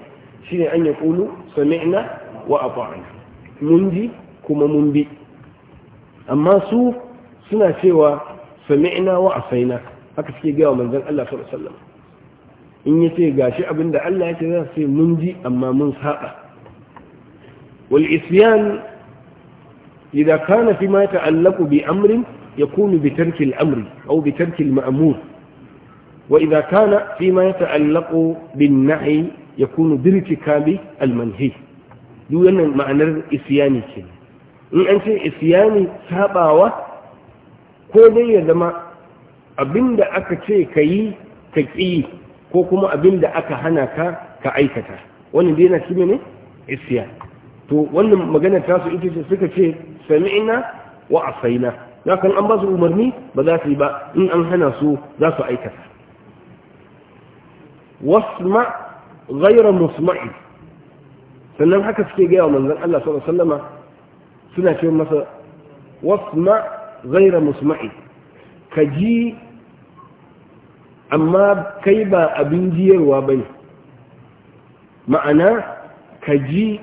shine an kulu sami'na wa ata'na mun ji kuma mun bi أما سوء سنة سوى سمعنا وعصينا هكذا في قاوة من ذن الله صلى الله عليه وسلم إن يتيقى شعب عند الله يتيقى في منجي أما من ساقة والإسيان إذا كان فيما يتعلق بأمر يكون بترك الأمر أو بترك المأمور وإذا كان فيما يتعلق بالنعي يكون بارتكاب المنهي دون معنى الإسياني كده in an ce isyani sabawa ko dai ya zama abinda aka ce ka yi ka ƙi ko kuma abinda aka hana ka ka aikata wani dai na shi ne isyan to wannan magana ta su ita ce suka ce sami'na wa asaina kan an ba su umarni ba za su yi ba in an hana su za su aikata wasma ghayra musma'i sannan haka suke gaya wa manzon Allah sallallahu alaihi wasallama suna ce masa wasma zaira musma'i ka ji amma kai ba abin jiyarwa ba ne ma'ana ka ji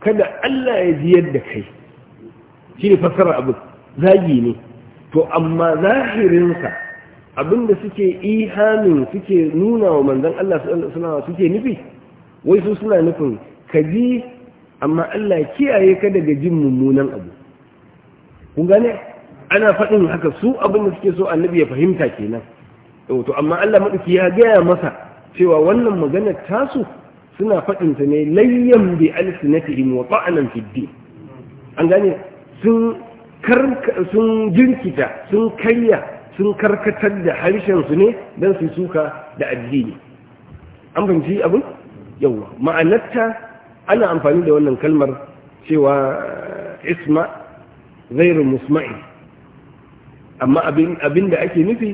kada Allah ya jiyar da kai shi ne fassara abin zagi ne to amma zahirinsa abinda suke ihamin suke nuna wa manzan Allah suke nufi wai su suna nufin ka ji amma Allah ya kiyaye ka daga jin mummunan abu kun gane ana faɗin haka su abin da suke so annabi ya fahimta kenan eh, to amma Allah madaki ya gaya masa cewa wannan maganar tasu suna faɗin ta ne layyan bi alsinatihim wa ta'anan fi din an gane sun sun jirkita sun karya sun karkatar da harshen su ne dan su suka da addini an fahimci abin yawa ma'anarta ana amfani da wannan kalmar cewa eh, isma zairu musma'i amma abin da ake nufi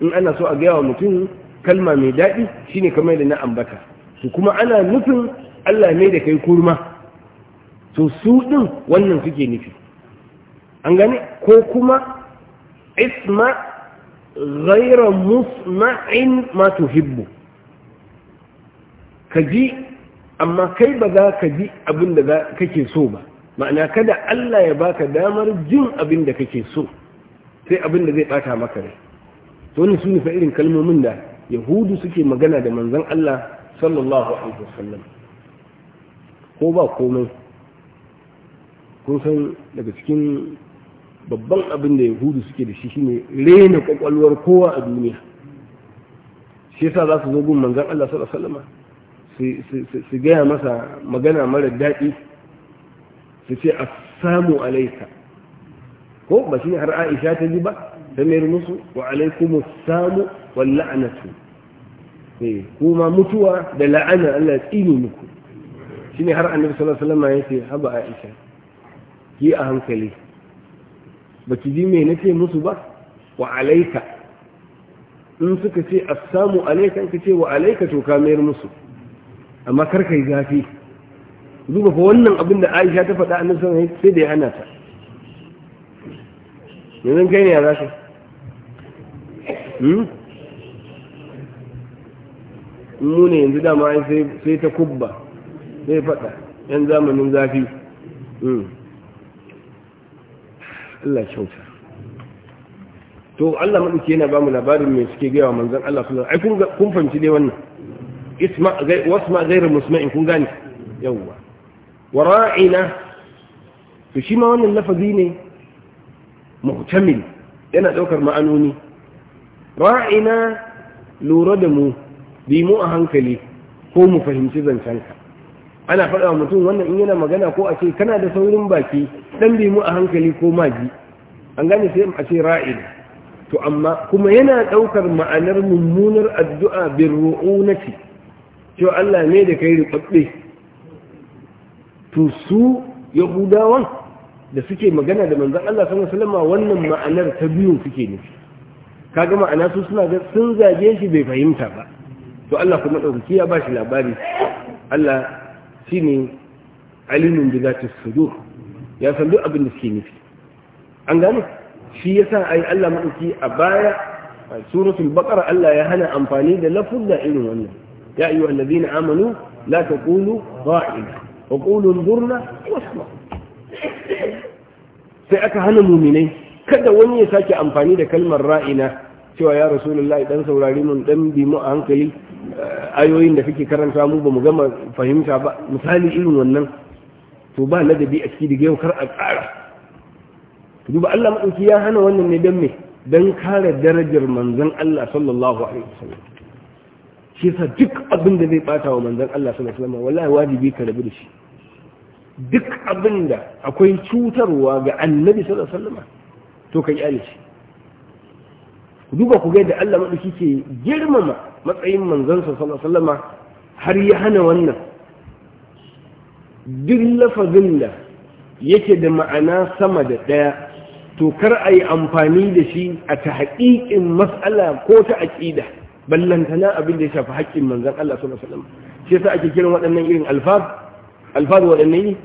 in ana so a gaya wa mutum kalma mai daɗi shine kamar da na ambata su kuma ana nufin Allah ne da kai kurma to su ɗin wannan suke nufi an gani? ko kuma isma zaira musma'in ma tuhibbu ka ji amma kai ba za ka bi abin da kake so ba ma'ana kada Allah ya baka damar jin abin da kake so sai abin da zai bata maka rai to wannan sune fa irin kalmomin da yahudu suke magana da manzon Allah sallallahu alaihi wasallam ko ba komai kun san daga cikin babban abin da yahudu suke da shi shine rena kwakwalwar kowa a duniya shi yasa za su zo gun manzon Allah sallallahu alaihi wasallam su gaya masa magana mara daɗi su ce a samu alaika ko ba shi har aisha ta ji ba ta mayar musu wa alaikumu samu wa la'anatu eh, kuma mutuwa da la'ana Allah ya tsini muku shi ne har annabi sallallahu alaihi wasallam ya ce haba aisha ki a hankali baki ji me nake musu ba wa alaika in suka ce assamu alaika ka ce wa alaika to ka mayar musu amma kar yi zafi duba fa wannan abin da Aisha ta faɗa annabi sallallahu sai da ya hana ta yanzu kai ne ya za ka hmm? mu ne yanzu dama sai ta kubba sai faɗa yan zamanin zafi hmm. Allah kyauta to Allah maɗauki yana ba mu labarin mai suke gaya wa manzan Allah sallallahu alaihi wasallam ai kun fahimci dai wannan wasma gairar musma'in kun gani yawwa wa ra'ina to shi wannan lafazi ne muhtamil yana ɗaukar ma'anoni ra'ina lura da mu bi mu a hankali ko mu fahimci zancenka ana faɗawa mutum wannan in yana magana ko a ce kana da saurin baki ɗan bi mu a hankali ko maji an gane sai a ce ra'ina to amma kuma yana ɗaukar ma'anar mummunar addu'a bin ru'unati cewa Allah ne da kai rubabbe to su yahudawan da suke magana da manzon Allah sallallahu wannan ma'anar ta biyu suke nufi kaga ma'ana su suna ga sun zage shi bai fahimta ba to Allah kuma dauki ya shi labari Allah shine alimin bi zati ya san duk abin da suke nufi an gane shi yasa yi Allah madauki a baya suratul baƙar Allah ya hana amfani da da irin wannan يا أيها الذين آمنوا لا تقولوا رائنا وقولوا انظرنا واسمع sai aka hana muminai kada wani ya sake amfani da kalmar ra'ina cewa ya rasulullahi dan saurari mun dan bi mu a hankali eh, ayoyin da kake karanta mu ba mu gama fahimta ba misali irin wannan to ba ladabi a ciki daga yau kar a ƙara duba Allah madauki ya hana wannan ne dan me dan kare darajar manzon Allah sallallahu alaihi wasallam shi yasa duk abin da zai bata wa manzon Allah sallallahu alaihi wasallam wallahi wajibi ka rabu da shi duk abin da akwai cutarwa ga annabi sallallahu alaihi wasallam to ka kyale shi duba ku ga da Allah madauki ke girmama matsayin manzon sallallahu alaihi wasallam har ya hana wannan duk lafazin da yake da ma'ana sama da daya to kar a yi amfani da shi a ta hakikin matsala ko ta aqida ballantana abin da ya shafi haƙƙin manzan Allah sallallahu alaihi shi yasa ake kiran waɗannan irin alfaz alfaz waɗannan ne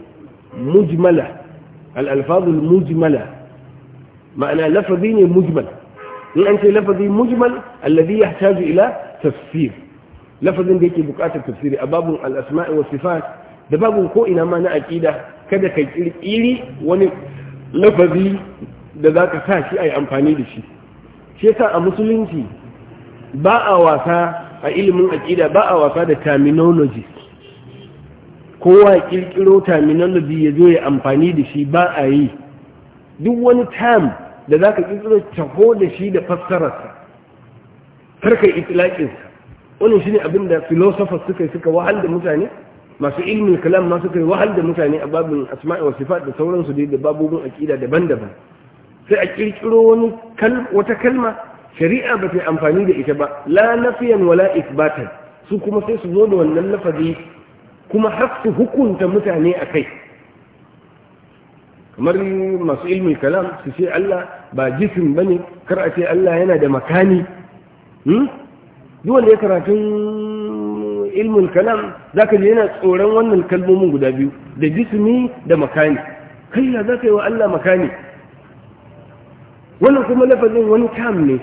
mujmala al mujmala ma'ana lafazi ne mujmal in an ce lafazi mujmal alladhi yahtaju ila tafsir lafazin da yake buƙatar tafsiri a babun al asma'i sifat da babun ko ina ma na aƙida kada ka ƙirƙiri wani lafazi da zaka sa shi yi amfani da shi shi yasa a musulunci ba a wasa a ilimin aƙida ba a wasa da terminology kowa kirkiro terminology ya zo ya amfani da shi ba a yi duk wani term da za ka kirkiro taho da shi da fassararsa karka itilaƙinsa wani shi ne abin da philosophers suka yi suka wahal da mutane masu ilmin kalam ma suka yi wahal da mutane a babin asma'i wa sifat da sauransu dai da babobin aƙida daban-daban sai a kirkiro wani wata kalma shari'a ba ta amfani da ita ba la nafiyan wala isbatan su kuma sai su zo da wannan lafazi kuma har su hukunta mutane a kai kamar masu ilmi kalam su ce Allah ba jisim ne, kar a ce Allah yana da makani hmm? duk wanda ya karatu ilmin kalam zaka ji yana tsoron wannan kalmomin guda biyu da jismi da makani kai ya ka yi wa Allah makani wannan kuma lafazin wani kam ne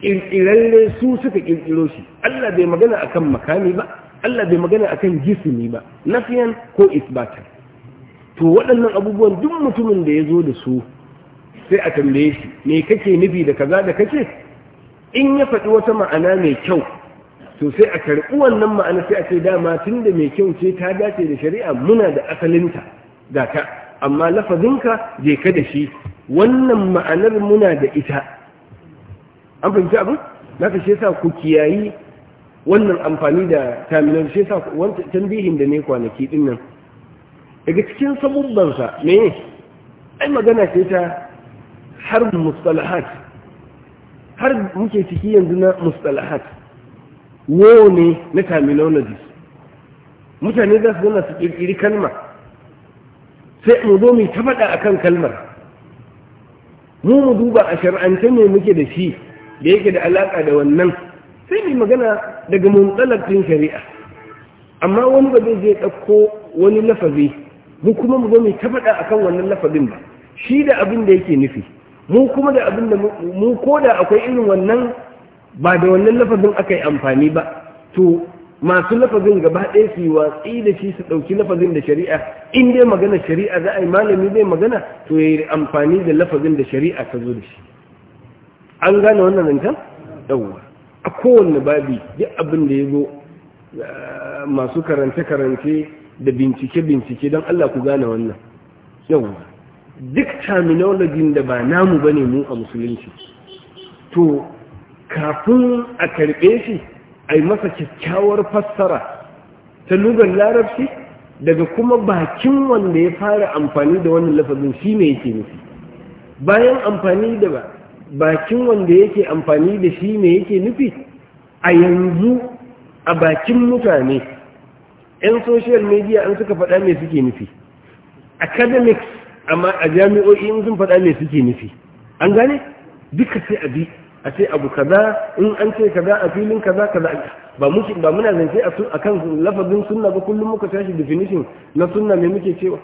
kirkirarre su suka ƙirƙiro shi Allah bai magana a kan makami ba Allah bai magana a kan jisimi ba nafiyan ko isbatan to waɗannan abubuwan duk mutumin da ya zo da su sai a tambaye shi me kake nufi da kaza da kace in ya faɗi wata ma'ana mai kyau to sai a karɓi wannan ma'ana sai a ce dama tun da mai kyau ce ta dace da shari'a muna da asalinta ga ta amma lafazinka je ka da shi wannan ma'anar muna da ita an fahimci abin naka shi yasa ku kiyayi wannan amfani da terminal shi yasa wanda tambihin da ne kwanaki din nan daga cikin sabubban sa me ai magana ce ta har mustalahat har muke ciki yanzu na mustalahat wo ne na terminology mutane za su zana su kirkiri kalma sai mu zo mu ta faɗa akan kalmar mu mu duba a shar'ance ne muke da shi da yake da alaka da wannan sai mai magana daga mumtsalafin shari'a amma wani ba zai je ɗauko wani lafazi mu kuma mu zo mu ta faɗa akan wannan lafazin ba shi da abin da yake nufi mu kuma da abin da mu ko da akwai irin wannan ba da wannan lafazin aka yi amfani ba to masu lafazin gaba ɗaya su yi watsi da shi su ɗauki lafazin da shari'a in dai magana shari'a za a yi malami zai magana to ya yi amfani da lafazin da shari'a ta zo da shi an gane wannan zancen yawwa a kowanne babi duk abin da ya zo eh, masu karance-karance da bincike-bincike don Allah ku gane wannan yawwa duk terminologin da ba namu ba ne mu a musulunci to kafin a karɓe shi a yi masa kyakkyawar fassara ta lugar larabci daga kuma bakin wanda ya fara amfani da wannan lafazin shi ne yake nufi bayan amfani da ba. bakin wanda yake amfani da shi ne yake nufi a yanzu a bakin mutane 'yan social media an suka faɗa mai suke nufi academics amma a jami'o'i in sun faɗa mai suke nufi an gane duka sai a bi a ce abu kaza in an ce kaza a filin kaza kaza ba muke ba muna zance a kan lafazin sunna ba kullum muka tashi definition na sunna mai muke cewa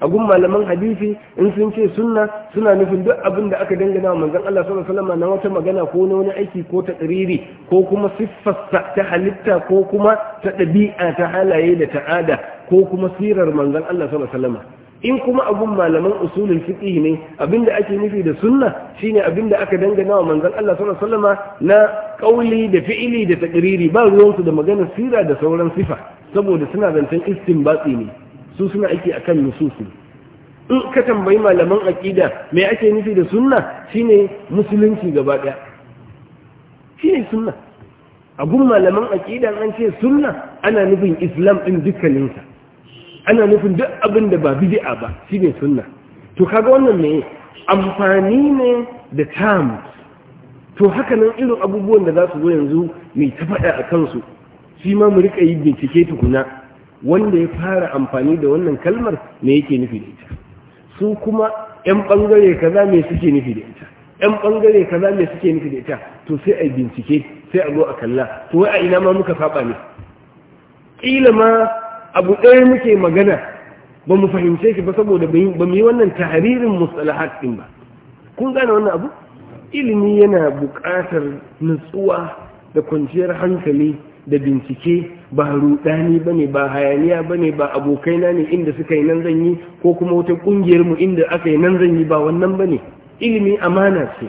a malaman hadisi in sun ce sunna suna nufin duk abin da aka dangana manzon Allah sallallahu alaihi wasallam na wata magana ko na wani aiki ko ta tsiriri ko kuma siffarsa ta halitta ko kuma ta ɗabi'a ta halaye da ta'ada ko kuma sirar manzon Allah sallallahu alaihi wasallam in kuma abun malaman usulul fiqh ne abinda ake nufi da sunna shine abinda aka dangana wa manzon Allah sallallahu alaihi wasallam na kauli da fi'ili da takriri ba ruwansu da maganar sira da sauran sifa saboda suna zancen istinbati ne su suna aiki akan nususu in ka tambayi malaman aƙida mai ake nufi da sunna shine musulunci gaba Shi shine sunna a malaman aƙida an ce sunna ana nufin islam ɗin dukkaninsa ana nufin duk abin da ba bid'a ba shine sunna to kaga wannan me amfani ne da terms to hakanan irin abubuwan da za su zo yanzu mai ta faɗa a kansu shi ma mu rika yi bincike tukuna wanda ya fara amfani da wannan kalmar me yake nufi da ita su kuma yan bangare kaza me suke nufi da ita yan bangare kaza me suke nufi da ita to sai a bincike sai a zo a kalla to wai a ina ma muka saba ne Ƙila ma abu ɗaya muke magana ba mu fahimce shi ba saboda ba mu yi wannan tahririn mustalahat ɗin ba kun gane wannan abu ilimi yana buƙatar nutsuwa da kwanciyar hankali da bincike ba rudani ne, ba hayaniya ba ne, ba abokaina ne inda suka yi nan zan ko kuma wata kungiyar mu inda aka yi nan zan ba wannan ba ne. ilimi amana ce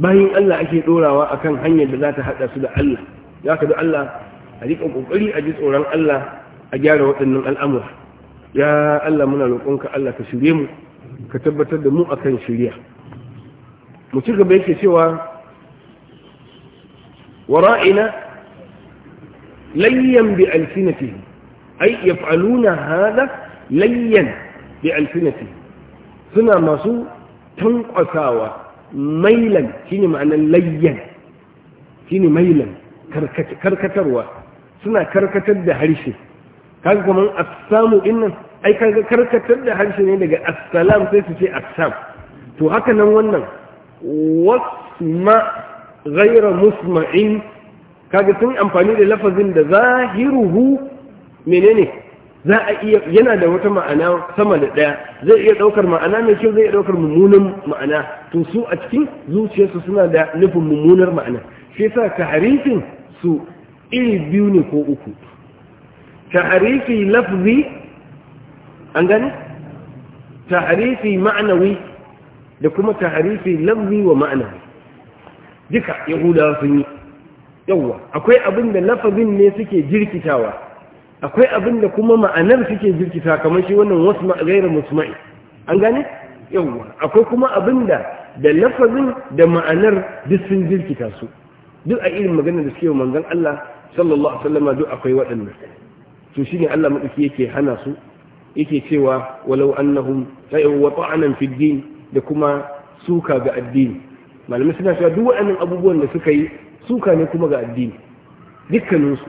Bayan Allah ake dorawa akan hanyar da za ta hada su da Allah ya ka da Allah a rika ƙoƙari a ji tsoron Allah a gyara waɗannan al'amura ya Allah muna roƙonka Allah ka shirye mu ka tabbatar da mu akan shirya mu ci gaba yake cewa wara'ina layyan bi alfinatihi ai yaf'aluna hadha layyan bi alfinatihi suna masu tankwasawa mailan shine ma'anar layyan shine mailan karkatarwa suna karkatar da harshe kaga kuma assamu dinnan ai kaga karkatar da harshe ne daga assalam sai su ce assam to haka nan wannan wasma ghayra musma'in kaga sun amfani da lafazin da zahiruhu menene za a iya yana da wata ma'ana sama da ɗaya zai iya ɗaukar ma'ana mai kyau zai iya ɗaukar mummunan ma'ana to su a cikin zuciyarsu suna da nufin mummunar ma'ana shi yasa taharifin su iri biyu ne ko uku taharifi lafzi an gani taharifi ma'anawi da kuma taharifi lafzi wa ma'anawi duka yahudawa sun yi yawwa akwai abin da lafazin ne suke jirkitawa akwai abin da kuma ma'anar suke jirkita kamar shi wannan wasu gaira musma'i an gane yawwa akwai kuma abin da da lafazin da ma'anar duk sun jirkita su duk a irin magana da suke mangan Allah sallallahu alaihi wasallam duk akwai waɗannan to shine Allah madaki yake hana su yake cewa walau annahum sayu wa ta'anan fi da kuma suka ga addini malamai suna cewa duk waɗannan abubuwan da suka yi suka ne kuma ga addini dukkaninsu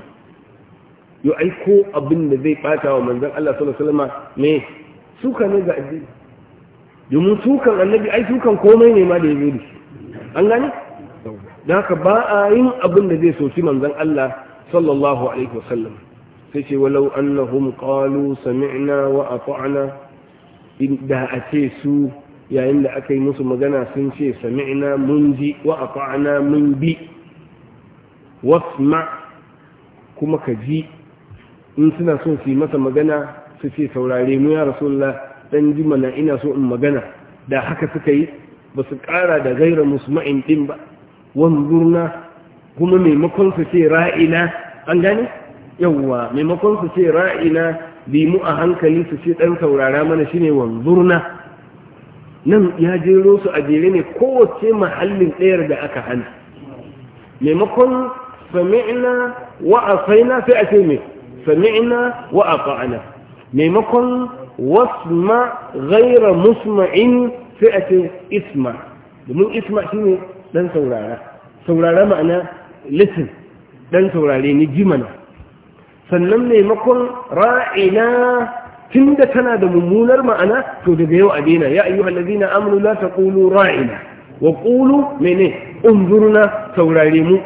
yo aiko abin da zai bata wa manzan Allah sallallahu alaihi me suka ne ga addini domin sukan annabi ai sukan komai ne ma da ya zo an gane da haka ba a yin abin da zai soki manzan Allah sallallahu alaihi wasallam sai ce walau annahum qalu sami'na wa ata'na da a ce su yayin da aka yi musu magana sun ce sami'na mun ji wa ata'na mun bi wasma kuma ka ji in suna so su yi masa magana su ce saurare mu ya rasulullah dan ji mana ina so in magana da haka suka yi ba su kara da gaira musma'in din ba wanzurna kuma maimakon su ce ra'ina an gane yawwa maimakon su ce ra'ina bi mu a hankali su ce dan saurara mana shine wanzurna nan ya jero su a jere ne kowace mahallin ɗayar da aka hana maimakon sami'na wa asaina sai a ce me sami'na wa ata'na maimakon wasma gaira musma'in sai a ce isma domin isma shine dan saurara saurara ma'ana listen dan saurare ni jimana sannan maimakon ra'ina tinda tana da mummunar ma'ana to daga yau a daina ya ayyuhal ladina ra'ina wa mene unzurna saurare mu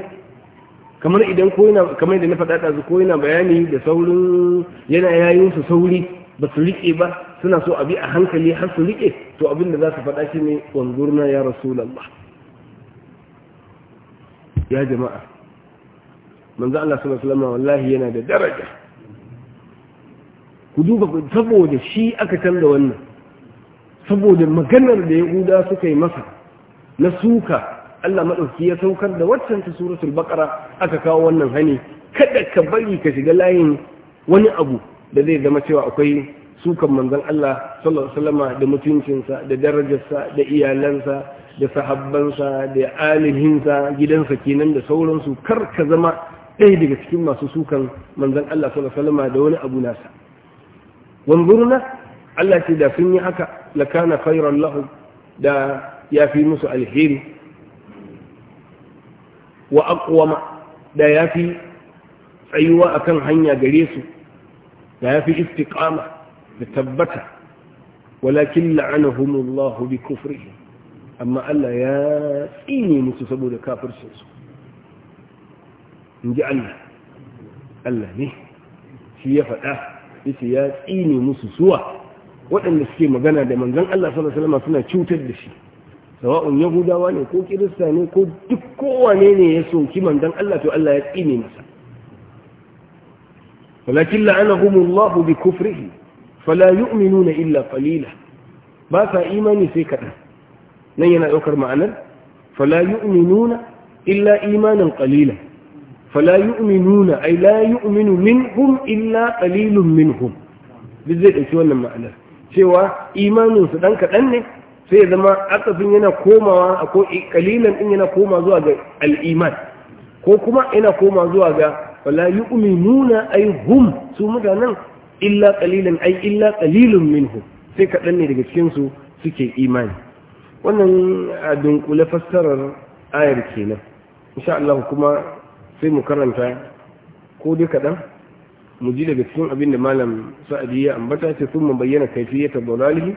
kamar idan ko yana kamar da na faɗa ɗazu ko yana bayani da saurin yana yayin su sauri ba su riƙe ba suna so abi a hankali har su riƙe to abin da za su faɗa shi ne wanzurna ya rasulallah ya jama'a manzo Allah sallallahu alaihi wasallam wallahi yana da daraja ku duba saboda shi aka canza wannan saboda maganar da Yahuda suka yi masa na suka Allah maɗauki ya saukar da waccan ta suratul baqara aka kawo wannan hani kada ka bari ka shiga layin wani abu da zai zama cewa akwai sukan manzon Allah sallallahu alaihi da mutuncinsa da darajarsa da iyalansa da sahabbansa da alihinsa gidansa kenan da sauransu kar ka zama ɗaya daga cikin masu sukan manzon Allah sallallahu alaihi da wani abu nasa wanzurna Allah ce da sun yi haka lakana khairan lahu da ya fi musu alheri wa aqwama da ya fi tsayuwa a kan hanya gare su da ya fi istiƙama da tabbata walakin la'anahumullahu bi kufrihim amma Allah ya tsine musu saboda kafircinsu in ji Allah Allah ne shi ya faɗa yace ya tsine musu suwa waɗanda suke magana da manzon Allah sallallahu alaihi wasallam suna cutar da shi sawa'un yahudawa ne ko kirista ne ko duk kowane ne ya soki manzon Allah to Allah ya tsine masa walakin la'anahumullahu bi kufrihi fala yu'minuna illa qalila ba sa imani sai kaɗan nan yana ɗaukar ma'anar fala yu'minuna illa imanin qalila fala yu'minuna ay la yu'minu minhum illa qalilun minhum duk zai ɗauki wannan ma'anar cewa imaninsu ɗan kaɗan ne sai zama akafin yana komawa a ko kalilan din yana koma zuwa ga al'iman ko kuma yana koma zuwa ga wala yu'minuna ay hum su mutanen illa qalilan ay illa qalilun minhum sai kaɗan ne daga cikin su suke imani wannan a dunkule fassarar ayar kenan insha Allah kuma sai mu karanta ko dai kaɗan mu ji daga cikin abin da malam sa'adi ya ambata ce sun bayyana kaifiyata dalalihi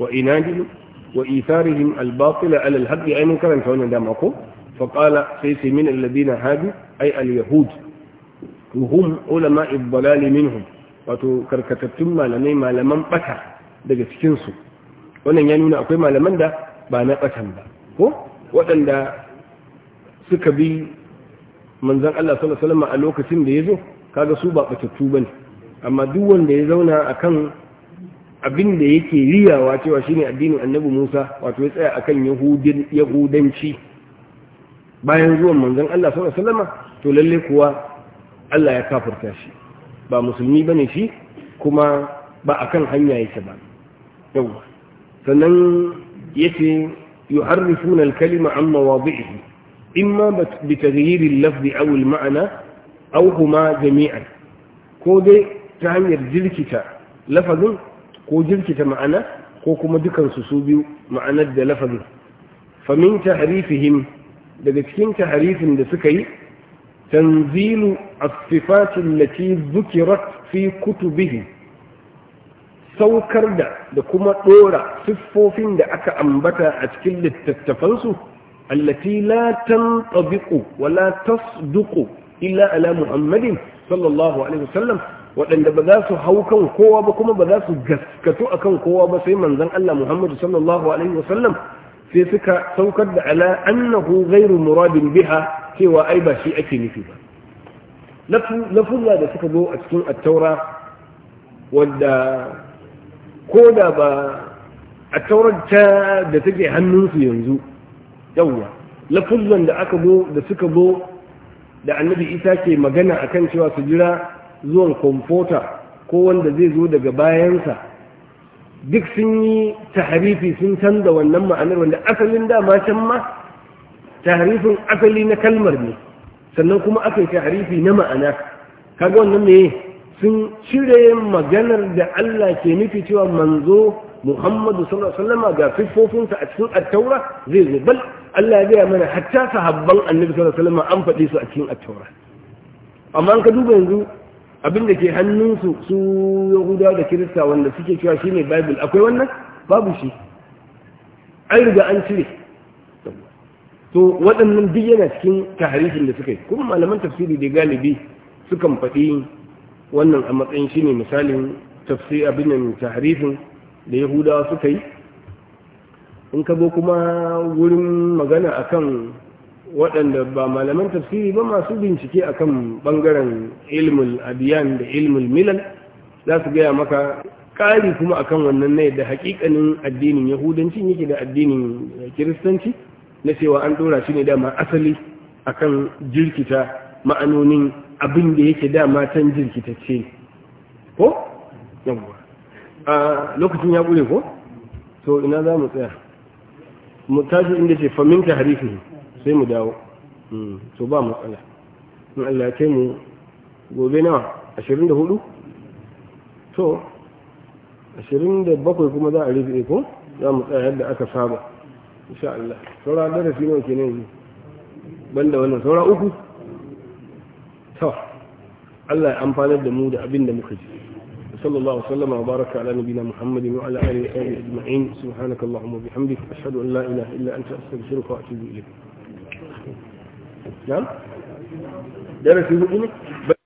wa inadihi wa itharihim al-batil ala al-haqq ainin karanta wannan dama ko fa sai sai min alladhina hadu ay al-yahud hum ulama ad wato karkatattun malamai malaman bata daga cikinsu su wannan ya nuna akwai malaman da ba na batan ba ko waɗanda suka bi manzon Allah sallallahu alaihi a lokacin da ya yazo kaga su ba batattu bane amma duk wanda ya zauna akan abin da yake riyawa cewa shine addinin annabi Musa wato ya tsaya akan yahudin yahudanci bayan zuwan manzon Allah sallallahu alaihi to lalle kuwa Allah ya kafirta shi ba musulmi bane shi kuma ba akan hanya yake ba yawa sannan yace yuharrifuna al-kalima an mawadi'ihi imma bi taghyir al-lafz aw al-ma'na aw huma jami'an ko dai ta hanyar jirkita lafazin ko jirkita ma'ana ko kuma dukansu su biyu ma'anar da lafazin famin tahrifihim daga cikin tahrifin da suka yi tanzilu as-sifat allati fi kutubihi saukar da da kuma dora siffofin da aka ambata a cikin littattafansu allati la tantabiqu wa la tasduqu illa ala muhammadin sallallahu alaihi wasallam waɗanda ba za su hau kan kowa ba kuma ba za su gaskatu a kan kowa ba sai manzan Allah Muhammadu sallallahu Alaihi wasallam sai suka saukar da ala annahu zairu muradin biha cewa ai ba shi ake nufi ba lafuzza da suka zo a cikin attaura wadda ko da ba attaurar ta da take hannunsu yanzu yawwa lafuzzan da aka zo da suka zo da annabi isa ke magana akan cewa su jira zuwan komfota ko wanda zai zo daga bayansa duk sun yi taharifi sun canza wannan ma'anar wanda asalin dama can ma taharifin asali na kalmar ne sannan kuma aka yi taharifi na ma'ana kaga wannan ne sun cire maganar da Allah ke nufi cewa manzo Muhammadu sallallahu ga siffofinsa a cikin attaura zai zo bal Allah ya gaya mana hatta sahabban annabi sallallahu alaihi an faɗi su a cikin attaura. amma an ka duba yanzu abin da ke hannunsu su yahuda da kirista wanda suke cewa shi ne bible akwai wannan babu shi an riga an cire to waɗannan duk yana cikin taharifin da suka yi kuma malaman tafsiri da galibi sukan faɗi wannan a matsayin shi ne misalin tafsir abin taharifin da yahudawa suka yi in ka zo kuma wurin magana akan waɗanda ba malaman tafsiri ba masu bincike akan ɓangaren ilmul adiyan da ilmul milan za su gaya maka ƙari kuma akan wannan ne da haƙiƙanin addinin yahudanci yake da addinin kiristanci na cewa an ɗora shi ne dama asali a kan jirkita ma'anonin abin da yake dama can jirkitacce ko? yawwa a lokacin ya ƙure ko? to ina za mu tsaya mu tashi inda ce faminta harifi sai mu dawo hmm, to ba matsala in Allah ya kai mu gobe nawa 24 to 27 kuma za a rufe ko za mu tsaya yadda aka saba insha Allah saura darasi nawa kenan banda wannan saura uku to Allah ya amfanar da mu da abin da muka ji صلى الله وسلم وبارك على نبينا محمد وعلى اله وصحبه اجمعين سبحانك اللهم وبحمدك اشهد ان لا اله الا انت استغفرك واتوب اليك darasi hudu ne